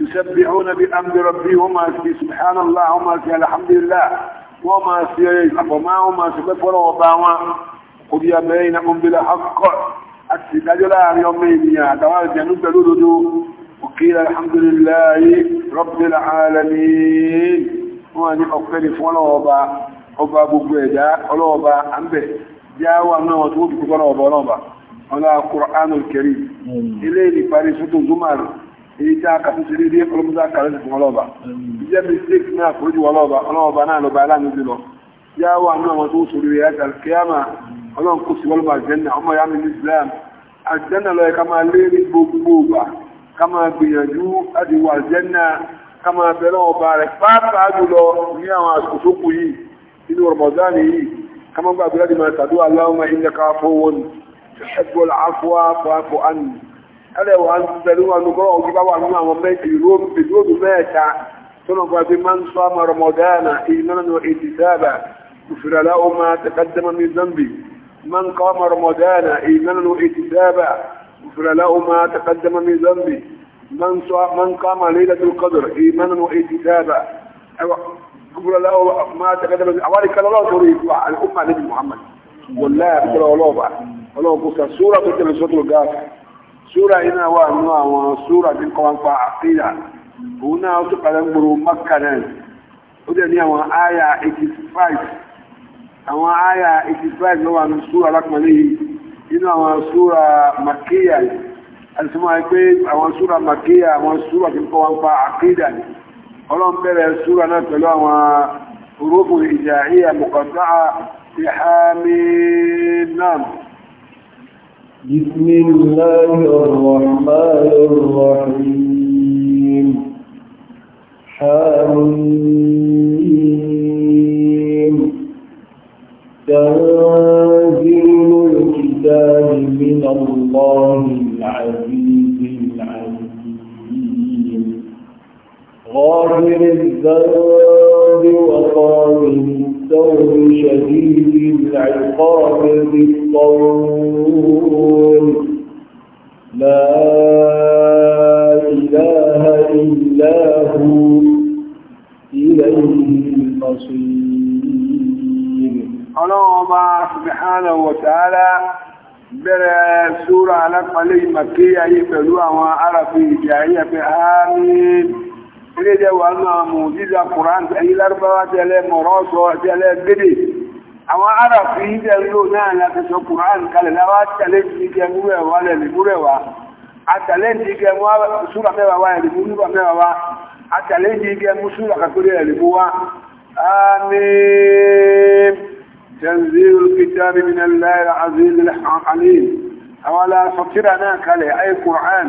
يسبحون بأمر ربهم في سبحان الله وما في الحمد لله وما في أفما وما في كفر وباما قضي بينهم بالحق السجاج لا يومين يا دوار الجنوب تلودو وقيل الحمد لله رب العالمين وأني أختلف ولا وبا وبا بقيدا ولا وبا أمبه جاءوا أمنا وتوبوا ولا وبا ولا القرآن الكريم إليه فارسة زمر èyí tí a kà tó ṣe déédéé ọlọ́mọdé àkàrẹ́ ti fún ọlọ́ọ̀bà ìjẹ́ mistake náà kò jù ọlọ́ọ̀bà ọlọ́ọ̀bà náà lọ́ba aláàánú jùlọ yá wà ní àwọn tó sòrò rẹ̀ àti àkíyàmà ọlọ́run kò sí wọ́lọ́mà àjẹ́nà ọmọ ìyá mi ní Islam àjẹ́nà lọ́yẹ ká máa lé ní gbogbo ìgbà ká máa gbìyànjú láti wà àjẹ́nà ká máa bẹ̀rẹ̀ ọba rẹ̀ ẹlẹ́ wà ń pẹ̀lú wọn ní kọ́ ọ̀gbígbá wà nínú àwọn méjì ìròdù mẹ́ta tó nà kọ́ bí máa ń sọ ọmọ rọmọdánà ìmọ̀nà èdè dábà ìfìràlá ọmọ tẹkẹ́tẹ́mọ́ ní zambi máa ń kọ́ ọmọ rọmọdánà ìmọ̀nà èdè dábà ìfìràlá ọmọ tẹkẹ́tẹ́mọ́ ní zambi máa ń kọ́ ọmọ lẹ́yìn tó kọ́dọ̀ ìmọ̀nà èdè dábà ìfìràlá ọmọ tẹkẹ́tẹ́mọ́ ní zambi àwọn ìkàlọ́lọ́ torí ìfà àlùkùnmá lẹ́yìn Muhammad wọlé àbíkọ́lọ́ ọlọ́ọ̀bà ọlọ́ọ̀bù kan sóòrà tó tẹ̀lé sọ́tò gáàsì súra iná wà nínú àwọn súra tí kọ́ wọn pa àkídà òun náà tó padà ń gbòòrò Mákkà náà ó dẹ̀ ní àwọn àyà 85 àwọn àyà 85 ló wà nínú súra lápẹ̀lẹ́ yìí nínú àwọn súra Makkiyya àtìsọ́mọ́ pé àwọn súra Makkiyya àwọn súra tí kọ́ wọn pa àkídà ni ọlọ́run bẹ̀rẹ̀ بسم الله الرحمن الرحيم حميم تنزيل الكتاب من الله العزيز العليم غافر الذنب وقابل دور شديد العقاب بالطول لا إله إلا هو إليه المصير الله سبحانه وتعالى برا سورة على قليل مكية يبدو أما أرى في جاية بآمين ilé jẹ́ wà náà mú jíza kùrán ẹ̀yí lárúbáwá tẹ́lẹ̀ mọ̀rọ́sọ tẹ́lẹ̀ gbédè àwọn arab yìí jẹ́ ló náà láti sọ kùrán kalẹ̀ láwá tẹ́lẹ̀ ti jẹ́ múrẹ̀ wá lẹ̀ lèmúrẹ̀ wá àtẹ̀lẹ̀ ti jẹ́ mú súra mẹ́wàá آمين تنزيل الكتاب من الله العزيز الحليم أولا فكرنا كلي أي قرآن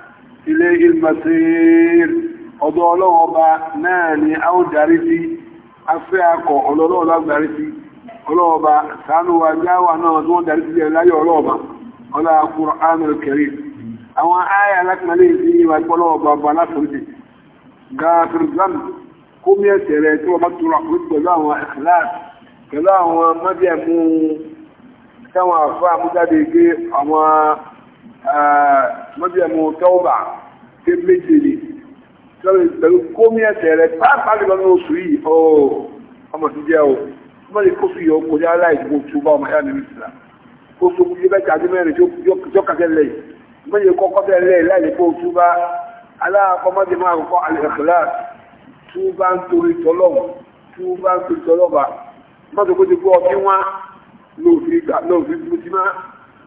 ilé ilmasir ọ̀dọ̀ ọlọ́wọ́ ọba náà ni a ó darí sí afẹ́ akọ̀ ọlọ́wọ́ lágbàrí sí ọlọ́ọba sánú wa jáwà náà tó wọ́n darí sí ilẹ̀ láyé ọlọ́ọba ọlá Qur'anul Karim àwọn ayà alákùnrin sí ìwà ìpọ́lọ́ọba ọba látòrí gáàfin zan kó mí ẹsẹ̀ rẹ̀ tí wọ́n bá tura àkùnrin pẹ̀lú mọ́bíyàmù tọ́wọ́bà ké méje ni pẹ̀lú kómi ẹsẹ̀ pàápàá lè lọ́nà oṣù yìí ó ọmọ ti jẹ́ o ọmọ lè kóṣù yìí ó kọjá aláìgbò tó bá ọmọ yára nínú ìsìlá kóṣù kúrò bẹ́ẹ̀ tàbí mẹ́rin tó kàkẹ́ lẹ́yìn ọmọ kọ́kọ́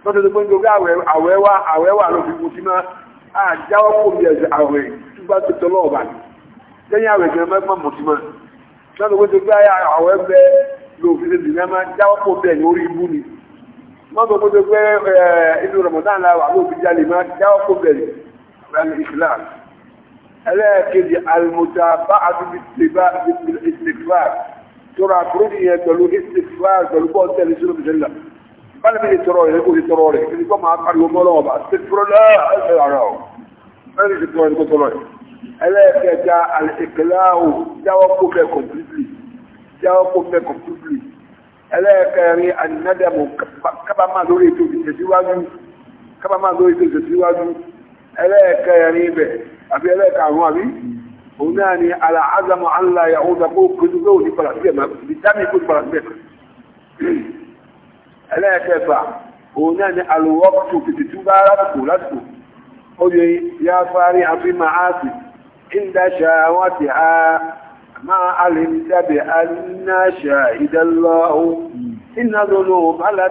lọ́dọ̀ tó gbọ́n gbogbo àwẹ́wà àwẹ́wà ló fi mú sí máa àjáwọ́ kò bí ẹ̀sẹ̀ àwẹ̀ tó bá ti tọ́lọ́ ọ̀bà ní lẹ́yìn àwẹ̀ kan mẹ́fà mọ̀ sí máa lọ́dọ̀ gbọ́n gbogbo àwẹ́ bẹ́ ló fi lè dìnyà máa jáwọ́ kò bẹ́ẹ̀ ní orí ibú ni mọ́tò gbọ́n gbogbo inú Ramadan la wà ló fi jalè máa báyìí mi lè tọrọ rẹ̀ kò lè tọrọ rẹ̀ kí ni kọ́ máa pariwo mọ́ lọ́wọ́ bá ṣe tọrọ lẹ́ẹ̀ ara ọ̀ báyìí mi tọrọ rẹ̀ kò tọrọ rẹ̀ ẹlẹ́ẹ̀kẹta ìkẹláhù jáwọ́ kó fẹ́ completely jáwọ́ kó fẹ́ completely ẹlẹ́ẹ̀kẹrin ànínádàmù kábàámà lórí ètò ìtẹ̀síwájú kábàámà lórí ètò ìtẹ̀síwájú ẹlẹ́ẹ̀kẹrin ibẹ̀ àbí ẹlẹ́ẹ̀karùn-ún àbí òun náà ni aláàzámù aláyàwó dàgbò kò ní pàlàsílẹ̀ ẹlẹ́ẹ̀kẹfà òun náà ni alùwọ́pù tètè tún bá oye ya ó yẹ yá fárí àfihàn áàsì ìdá ṣàwọn ti ha máa alìmítàbí anáṣà ìdánlọ́hún iná lọ́nà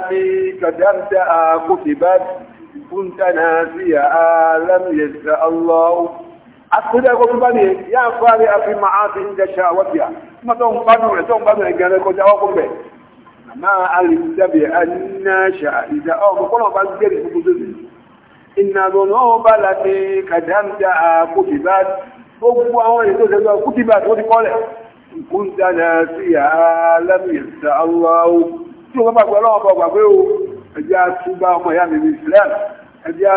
kàdáńtà àkókèbá kúntàná sí alámìyẹsà máa alìmùtẹ́bẹ̀ anáṣà ìdá ọmọ kọ́nà bá gẹ́rì fún gbogbo ìnàlọ́nà ọba láti kàdáńdà àkóbìbá gbogbo àwọn ètò ìjọba kúbìbá tó ti kọ́lẹ̀ kún dáná sí alámìyànsá aláwọ̀ tí wọ́n bá pẹ̀lú ọmọ ọgbà pé ó ẹjẹ́ àtúbá ọmọ ìyá mi Islam ẹjẹ́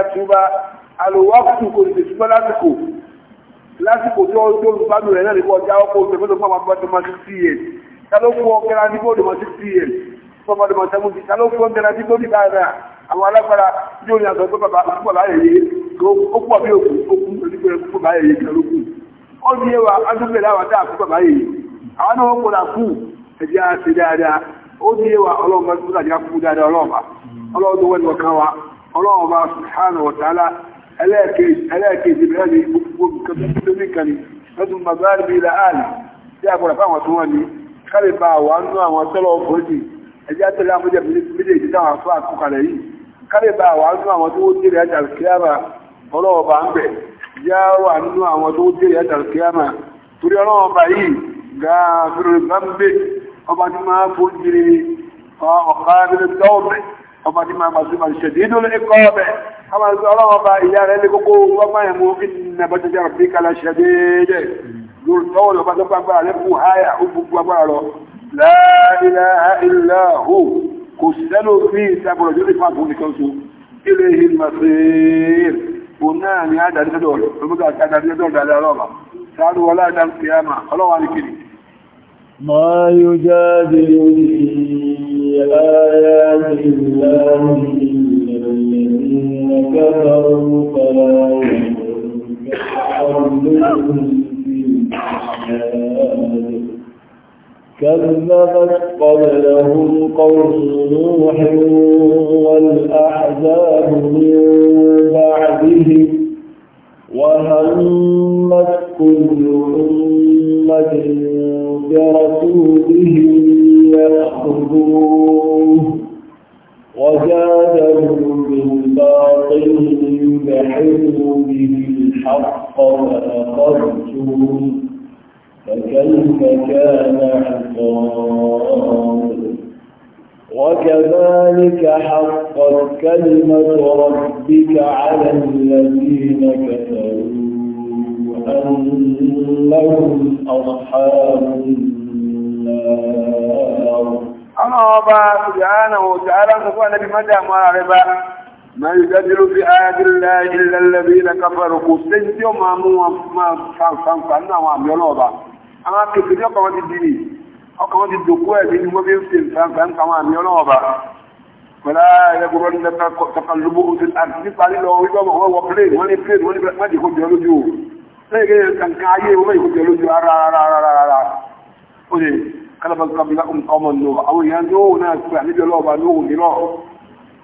kálókù ọ̀gẹ́ra ní bóòdì mọ̀ sí pm fọ́mọdé mọ̀ sẹ́mú sí kálókù ọ̀gẹ́ra ní bóòdì dáadáa àwọn alágbára ní orin tó bàbá púpọ̀ láyẹyẹ ó bí òkú okú onígbẹ̀ púpọ̀ láyẹyẹ kálókù ó ní ẹwà adúgbẹ̀ láwàdá láyẹyẹ àwọn kú àti ó ní ẹwà wa kárí bá wà nú àwọn tọ́lọ̀ bòdì ẹjẹ́ àtẹ́lẹ́ àmójẹ́ méjèèjì táwọn afọ́ àkókalẹ̀ yìí kárí bá wà nú àwọn tó dèrè àjàlùkíyàmà ọlọ́wọ́ bá ń bẹ̀ yá wà nú àwọn tó dèrè àjàlùkíyàmà torí ọlọ́wọ́ bá yìí ga fúrúrú bá ń bẹ̀ ọba tí máa fún jìrì ọ̀ká nílé tọ́ọ̀bẹ̀ ọba tí máa gbàtí máa ṣẹ̀dí ìdúró ní kọ́ ọbẹ̀ ọlọ́wọ́ bá ìyá rẹ̀ lé kókó wọ́n máa yẹ̀ kí nàbàtẹ́jà rẹ̀ bí kálá lórí lọ́wọ́ lọ́ba tó gbàgbà rẹ̀ kú háyà ó gbogbo agbára lọ la ilaha illa hu kò sẹ́lò fi ìsàbọ̀rọ̀ lórí fàgbọ́ nìkan so ilé ìhìn masir kò náà ní àdàdí lọ́dọ̀ rẹ̀ tó gbogbo àti كذبت قبلهم قوم نوح والأحزاب من بعدهم وهمت كل أمة برسوله يأخذوه وجادلوا بالباطل ليدحضوا به الحق وأقرتم فكيف كان عقاب وكذلك حقت كلمة ربك على الذين كفروا أنهم أصحاب النار أنا بعد سبحانه وتعالى سبحانه بمدى ما ربا ما يجادل في آيات الله إلا الذين كفروا كسنتي وما ما فان فان وما يلوبا أما كفر يقوى الدين أقوى الدكوة دين وما يفتن فان فان كما يلوبا فلا يقولن تقلبه في الأرض قال له هو وقلين وني فين وني ما يكون جلوجو لكن كان كايه وما يكون جلوجو را را را را را قلبا قبلهم قوم النور أو ينجو ناس فعلي جلوبا نور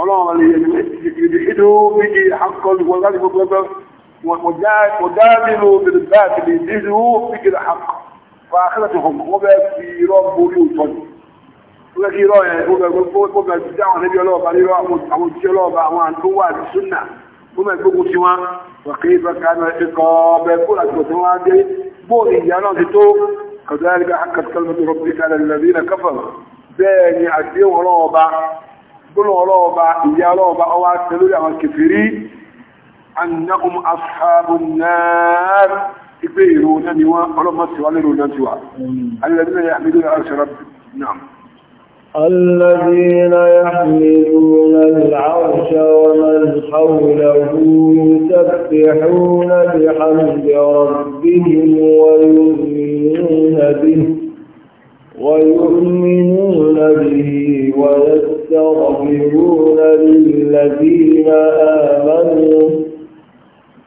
ọlọ́run lè yẹ ìdíkìdìkìdò méjì àkọlù wọ̀gáàdì gbogbo وجادلوا بالذات ليزهوا فكر حق فآخرتهم وبا في رب يوصل وبا في رأي وبا في دعوة نبي الله قال يرى أمون تشي الله بأعوان هو السنة وما يقول سوا وكيف كان العقاب يقول أكبر سوا بول إيانا تتوب كذلك حقت كلمة ربك على الذين كفروا باني عديهم الله بلغلوبة إيالوبة أو أسلوية من كفري أنهم أصحاب النار إبيرون نواء ولما سوالرون نسواء الذين يحمدون العرش رب نعم الذين يحملون العرش ومن حوله يسبحون بحمد ربهم ويؤمنون به ويؤمنون به ويستغفرون للذين آمنوا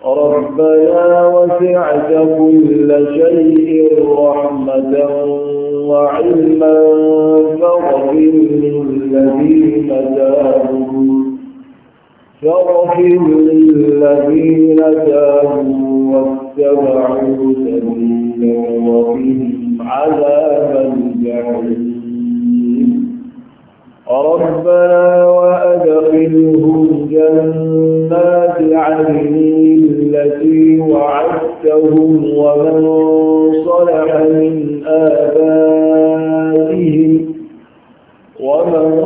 ربنا وسعت كل شيء رحمة وعلما فاغفر للذين تابوا فاغفر للذين تابوا واتبعوا سبيلا وقهم عذابا ربنا وأدخلهم جنات عدن التي وعدتهم ومن صلح من آبائهم ومن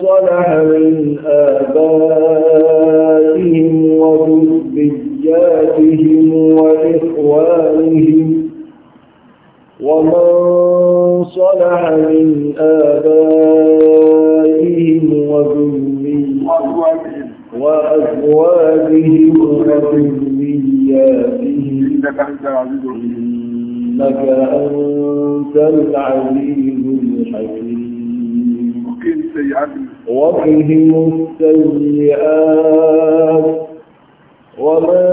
صلح من آبائهم وذرياتهم وإخوانهم ومن صلح من آبائهم وأزواجهم وذرياتهم إنك أنت العزيز الحكيم إنك أنت العزيز الحكيم وقهم السيئات ومن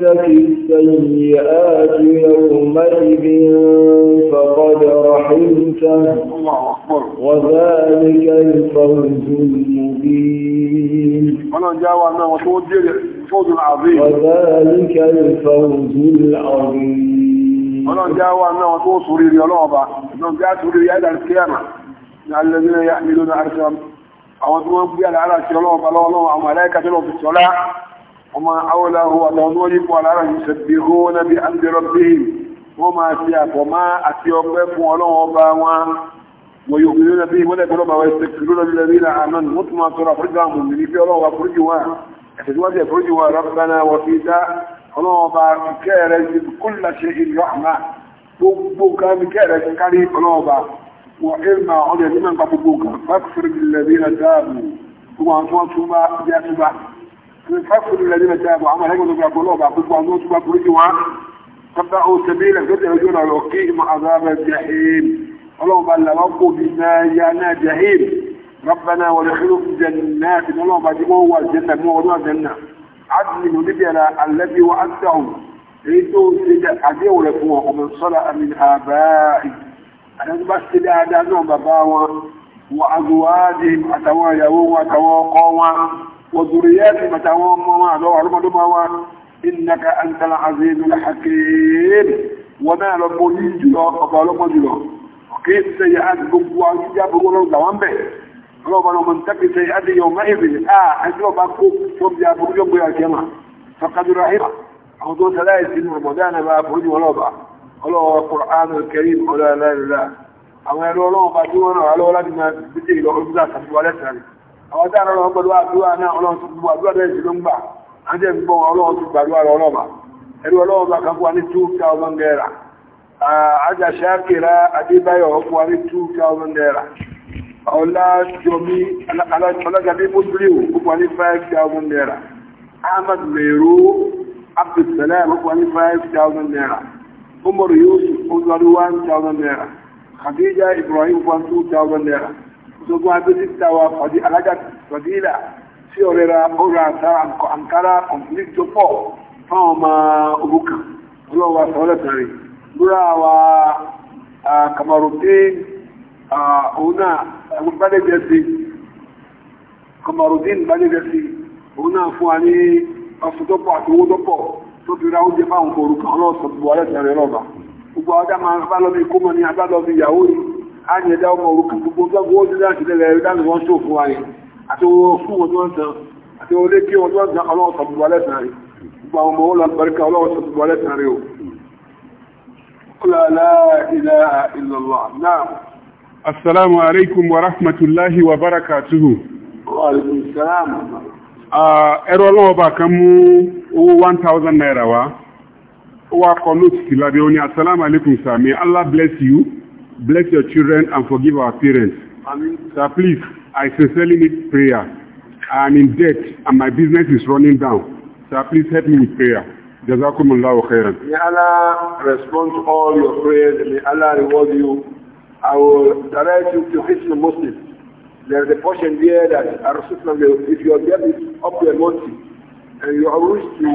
تك السيئات يومئذ فقد رحمته وذلك الفوز المبين جاوى ما وتوجه فوز عظيم وذلك الفوز العظيم ولن جاوى ما وتوصر اليلوبة لن جاءت إلى القيامة الذين يحملون عرشهم أو تقول بيا على الشلوب الله الله أو ملائكة في الصلاة وما حوله وتنظيف والعرش يسبحون بأمر ربهم وما سياق وما أتيوبكم ولهم أبا ويؤمنون به ولا يقولون ويستكبرون للذين آمنوا مطمع ترى فرجهم من في الله وفرجوا احتجوا فرجوا ربنا وفيتا الله بكارج كل شيء رحمة بوكا بكارج كريم الله وإما عدد من قبوكا فاكفر للذين تابوا ثم أنتوا ثم جاتوا فاكفر للذين تابوا عمل هيك يقول الله بكارج الله ثم فرجوا تبعوا سبيلا قد يجون الوكيء مع عذاب الجحيم اللهم بلغوا بنا يا ناجحين ربنا ودخلوا في جنات اللهم اجمعوا الجنة مو الجنة عدل نبينا الذي وعدتهم ريتو سيدا عديو لكم ومن صلى من آبائي أنا بس سيدا عدانو باباوا وأزواجهم أتوا يوم وأتوا قوا وذرياتهم أتوا موا لو عرمدوا موا إنك أنت العزيز الحكيم وما لبني جلو أبا لبني جلو كيف سيئات قبوا a ولو دوامبه ربنا من تقي سيئات يومئذ اه حجوا باكو ثم جابوا يوم يا جماعه فقد رحمه موضوع ثلاث سنين رمضان بقى بودي ولا بقى الله القران الكريم ولا لا لا àwọn ẹ̀rọ ọlọ́run bá tí wọ́n ajá ṣákìrá adébáyọ̀ ọkùn wárí 2,000 naira ọlájọmí alájọmí mọ́sílẹ̀wò ọkùn wárí 5,000 naira ahmad mẹ́rọ abdulsalam ọkùn wárí 5,000 naira umar yusuf ọkùn wárí 1,000 naira khadija ibrahim ọkùn 2,000 naira ọkùn wárí 6,000 fàdí alájà fàdílà sí ọ̀rẹ́ra ọ̀rọ̀ àtà àǹkárá complete to four fáwọn ọmọ òbúkà ọlọ́wà sọ́lẹ̀ búráwà kamarudin ọ̀nà gbádẹ́gẹ́sì kamarudin gbádẹ́gẹ́sì ọ̀nà fún wa ní ọ̀fẹ́tọ́pọ̀ àti owó tọ́pọ̀ tó fi ra oúnjẹ fáwọn orúkọ ọlọ́sọ̀ gbogbo alẹ́sẹ̀rẹ̀ lọ́ba gbogbo ọjà máa bá lọ́bí kó mọ́ ní agbádọ́bí ìyàwó rí á ní ẹ̀dá ọmọ orúkọ gbogbo ọgbọ́gbọ́ ó ti láti lẹ́rẹ̀ dáàbì wọ́n tó fún wa ní àti owó fún wọn tó ń san àti owó lé kí wọn tó ń san ọlọ́sọ̀ gbogbo alẹ́sẹ̀rẹ̀ gbogbo àwọn ọmọ لا لا إله إلا الله نعم السلام عليكم ورحمة الله وبركاته وعليكم السلام ẹ̀rọ ọlọ́ọ̀bà kan mú owó 1000 naira wá ó wá kọ lóòtìtì lábẹ́ ó ní assalamu sir may Allah bless you bless your children and forgive our parents Amen. sir please I sincerely need prayer I am in debt and my business is running down sir please help me with prayer Jazakumullahu khairan. May Allah respond to all your prayers. May Allah reward you. I will direct you to Hisn Muslim. There is a portion there that if your debt is up to a month and you wish to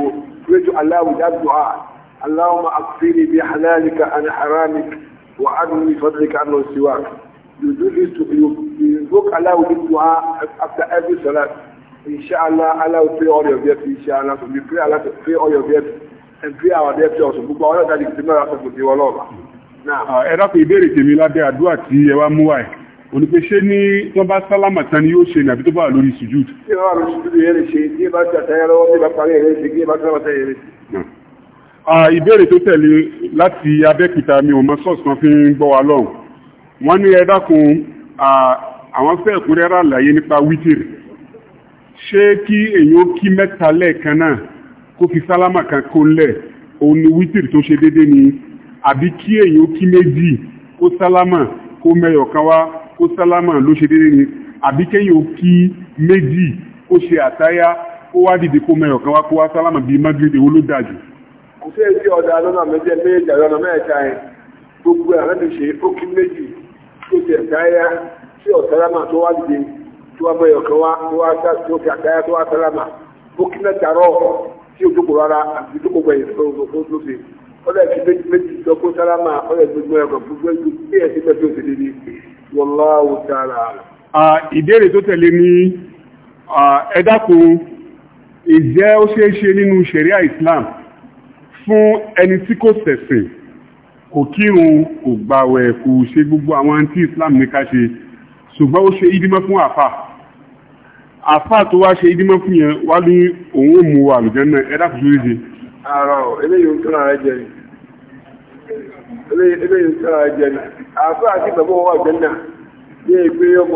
pray to Allah without dua, اللهم أكفيني بحلالك عن حرامك وأغني فضلك عن سواك. You do this to you, you invoke Allah with dua after every salat inshallah Allah will pay all your debts inshallah so we pray Allah to pay all your debts and pay our debts also gbogbo àwọn ọ̀dà ìgbésẹ̀ náà sọ kò sí wọn lọ́ọ̀bà. ẹ dákun ìbéèrè tèmi lábẹ́ àdúrà tí ẹ wá mú wáyé onípeṣe ní wọ́n bá sálámà tán ni yóò ṣe ní àbí tó bá lórí sùjúd. tí wọ́n bá lórí sùjúd yẹn lè ṣe tí bá ṣàtàyà lọ́wọ́ tí bá parí ẹ̀rẹ́ ṣe kí bá sálámà tán yẹn ṣe. Hmm. Ah, ìbéèrè tó tẹ̀lé láti abẹ́kúta mi ò mọ sọ́ọ̀sì kan fi ń gbọ́ wa lọ́hùn wọ́n ní ẹ dákun ah, àwọn fẹ́ẹ̀kúnrẹ́rẹ́ àlàyé nípa wítìrì ṣé kí èyàn kí mẹ́ta lẹ́ẹ̀kan náà kó fi sálámà kan kó lẹ̀ òun ni wítìrì tó ṣe déédéé ni àbí kí èyàn kí méjì kó sálámà kó mẹ́yọ̀ kan wá kó sálámà ló ṣe déédéé ni àbí kéyàn kí méjì kó ṣe àtáyá kó wá dìde kó mẹ́yọ̀ kan wá kó wá sálámà bíi mágídé owó ló dájú. kò sí èyí ọ̀dà lọ́nà méjì méjì àlọ́nà mẹ́ta yẹn gbogbo àwọn ẹni ṣe ó kí méjì tó ṣe àtáyá tí ọ̀sálámà tó wá dìde tí wọ́n mọ̀yọ̀ kan wá tí wọ́n aṣá tí ó fi àgbáyá tí wọ́n aṣálámà ó kí náà jàrọ̀ tí ó jókòó rárá àti jókòó gbẹ̀yìn tó ń lò tó fi ọ̀dà tí méjì méjì sọ kó sálámà ọ̀dà gbogbo ẹ̀kọ́ gbogbo ẹ̀kọ́ bí ẹ̀ sí mẹ́fì òṣèlú ni wallahu ta'ala. ìbéèrè tó tẹ̀lé ni ẹ dákun ìjẹ́ ó ṣeé ṣe nínú ṣẹ̀ríà Islam fún ẹni tí kò ṣẹ̀sìn kò kírun kò gbàwẹ̀ kò ṣe gbogbo àwọn tí Islam ní ká ṣe ṣùgbọ́n ó ṣe ìdímọ́ fún àfà àfáà tó ṣe ìdímọ́ fún yẹn wá ní òun ò mú wa àlùjẹ́ náà ẹ̀dá kò sórí ṣe. àrò eléyìí ń tọ́ra jẹ ni eléyìí ń tọ́ra jẹ ni àfáà tí bàbá wà jẹ́ bí i ọmọ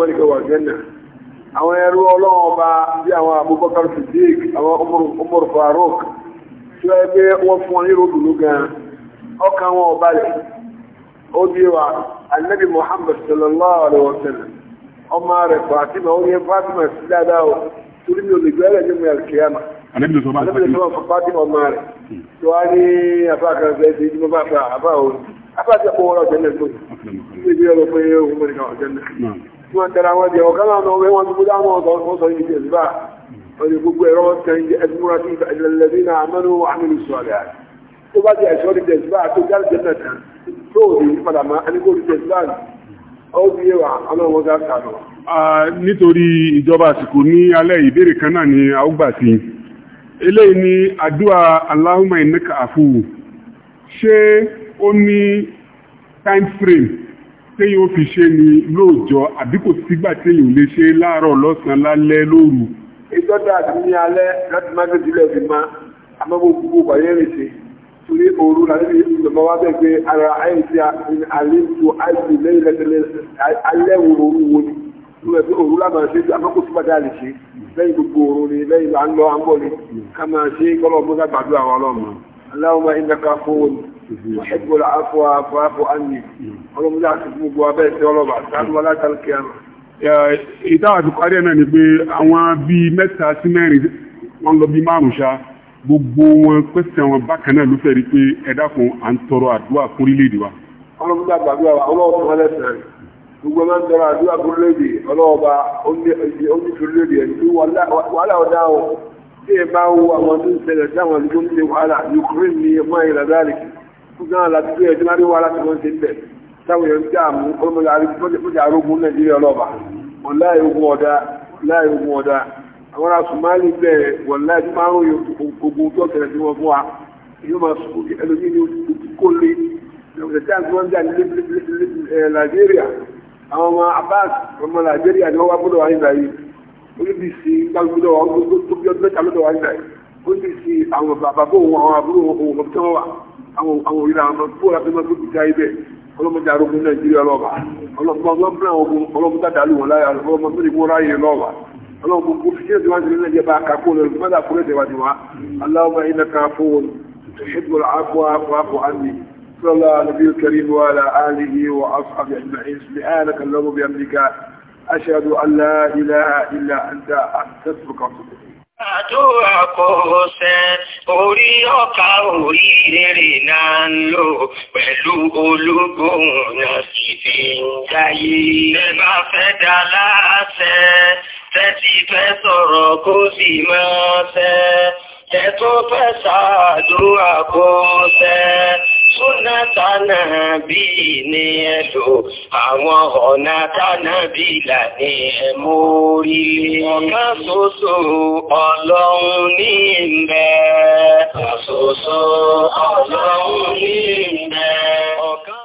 wà ọba bí àwọn Abubakar àwọn Umar Faruk tí wọ́n gbé wọ́n fún wọn ní ròdùnú gan ọkàn wọn ọba ó bí wa Muhammad sallallahu wa ọmọ rẹ̀ Fatima ó yẹ Fatima sí dáadáa o torí mi ò lè gbẹ́rẹ̀ ní mi àkíyàmà àníbi lọ́sọ̀ Fatima ọmọ rẹ̀ hmm. tó wá ní afáàkànṣe ti ní bá fa àbáwò afáàtì ọkọ̀ wọ́n ọ̀jẹ̀ lẹ́gbọ̀n níbi ọ̀rọ̀ pé òun mọ̀ nìkan ọ̀jẹ̀ lẹ́gbọ̀n tí wọ́n tẹ̀ra wọn jẹ ọ̀kan náà náà wọ́n ti múdá wọn wọ́n sọ ibi tẹ̀síbà hmm. wọ́n ti gbogbo ẹ̀rọ wọn tẹ̀ ẹ̀ múra sí ìlẹ̀lẹ́bí náà amẹ́nu àmìlú sọ̀rọ̀ tó bá ti ẹ̀ṣọ́ ti tẹ̀síbà tó jáde tẹ̀síbà tó òdì padà máa ẹni kó ti tẹ̀síbà nítorí ìjọba àsìkò ní alẹ́ ìbéèrè kan náà ni a ó gbà sí eléyìí ni àdúrà Allahumma innaka àfúwù ṣé ó ní time frame téyìn ó fi ṣe ni lóòjọ́ àbí kò sígbà téyìn ò lè ṣe láàárọ̀ lọ́sàn-án lálẹ́ lóru ìjọba àti ní alẹ́ láti má torí òru làbí ìjọba wá bẹ́ẹ̀ pé ara àìsí àlejò àìsí lẹ́yìn lẹ́tẹ̀lẹ́ alẹ́ wo òru wo ni lórí ẹgbẹ́ òru lábà ṣe tí akọ́kọ́ tí bàtà lè ṣe lẹ́yìn gbogbo òru ni lẹ́yìn là ń lọ à ń bọ̀ ni ká máa ṣe kọ́lọ̀ mọ́sá gbàdúrà wa lọ́mọ aláwọ̀ ìdàkà fóun وحب العفو فاعف عني ọlọ́run ní àti gbogbo abẹ́ ìṣẹ́ ọlọ́ba sáàdùn gbogbo wọn pẹ́sẹ̀ wọn bákan náà ló fẹ́ rí pé ẹ̀dá kan à ń tọrọ àdúrà fún orílẹ̀-èdè wa. ọlọ́run gbà gbàgbé wa ọlọ́run tó fẹ́lẹ́ sẹ́rẹ̀ gbogbo máa ń tọrọ àdúrà fún orílẹ̀-èdè ọlọ́run bá oníṣòrílẹ̀-èdè ẹ̀ ní wàhálà ọ̀dá o tí ẹ bá wo àwọn tó ń ṣẹlẹ̀ sí àwọn àdúgbò ń ṣe wàhálà Ukraine ní ẹ̀mọ́ ìlàdáàlì fún gan làdúgbò ẹ̀ tí máa rí wàhálà tí wọ́n wọn láì ogun ọ̀dà láì ogun ọ̀dà àwọn asùnmáàlì bẹ̀rẹ̀ wọ̀lá ẹni máa ń ròyìn gbogbo tó kẹrẹ sí wọn fún wa yóò máa sọ ẹlòmíì ní ojú kó lé ẹgbẹ̀rẹ̀ tí a ti wọ́n dà ní Nàìjíríà eh, àwọn ọmọ Abbas ọmọ Nàìjíríà ni wọ́n wá gbọ́dọ̀ wá nígbà yìí oníbìsí gbàgbọ́dọ̀ wọn tó bí ọdún mẹ́ta lọ́dọ̀ wá nígbà yìí oníbìsí àwọn bàbá bò wọn àwọn àbúrò wọn òun tó wà àwọn òyìnbó àwọn tó wà fún ọdún ìjà ibẹ̀ ọlọ́mọdé arógun Nàìjíríà lọ́ba ọlọ́mọdé àwọn ogun ọlọ́mọdé àdàlù wọn láyà ọlọ́mọdé wọn ráyè lọ́ba اللهم قل في سيرة واجب الذي باك أقول ماذا قلت واجب اللهم إنك عفو تحب العفو فاعف عني صلى الله على النبي الكريم وعلى آله وأصحابه أجمعين سبحانك اللهم بأمرك أشهد أن لا إله إلا أنت أستغفرك وأتوب Àdúrà kò ṣẹ, orí ọkà orí rere náà ń lò pẹ̀lú ológun náà sì fi ń dáyé. Ẹ bá fẹ́ dá láàṣẹ tẹ́tí fẹ́ sọ̀rọ̀ kó sì máa tẹ́ tẹ́ tó fẹ́ ṣàdúrà kó tẹ́ súnà tánà bí ní ẹ̀lò àwọn ọ̀nà tánà bí lànà ẹ̀mú orílẹ̀ ọ̀kan ṣoṣo ọlọ́run ní ìbẹ̀ ọ̀kan ṣoṣo ọlọ́run ní ìbẹ̀ ọ̀kan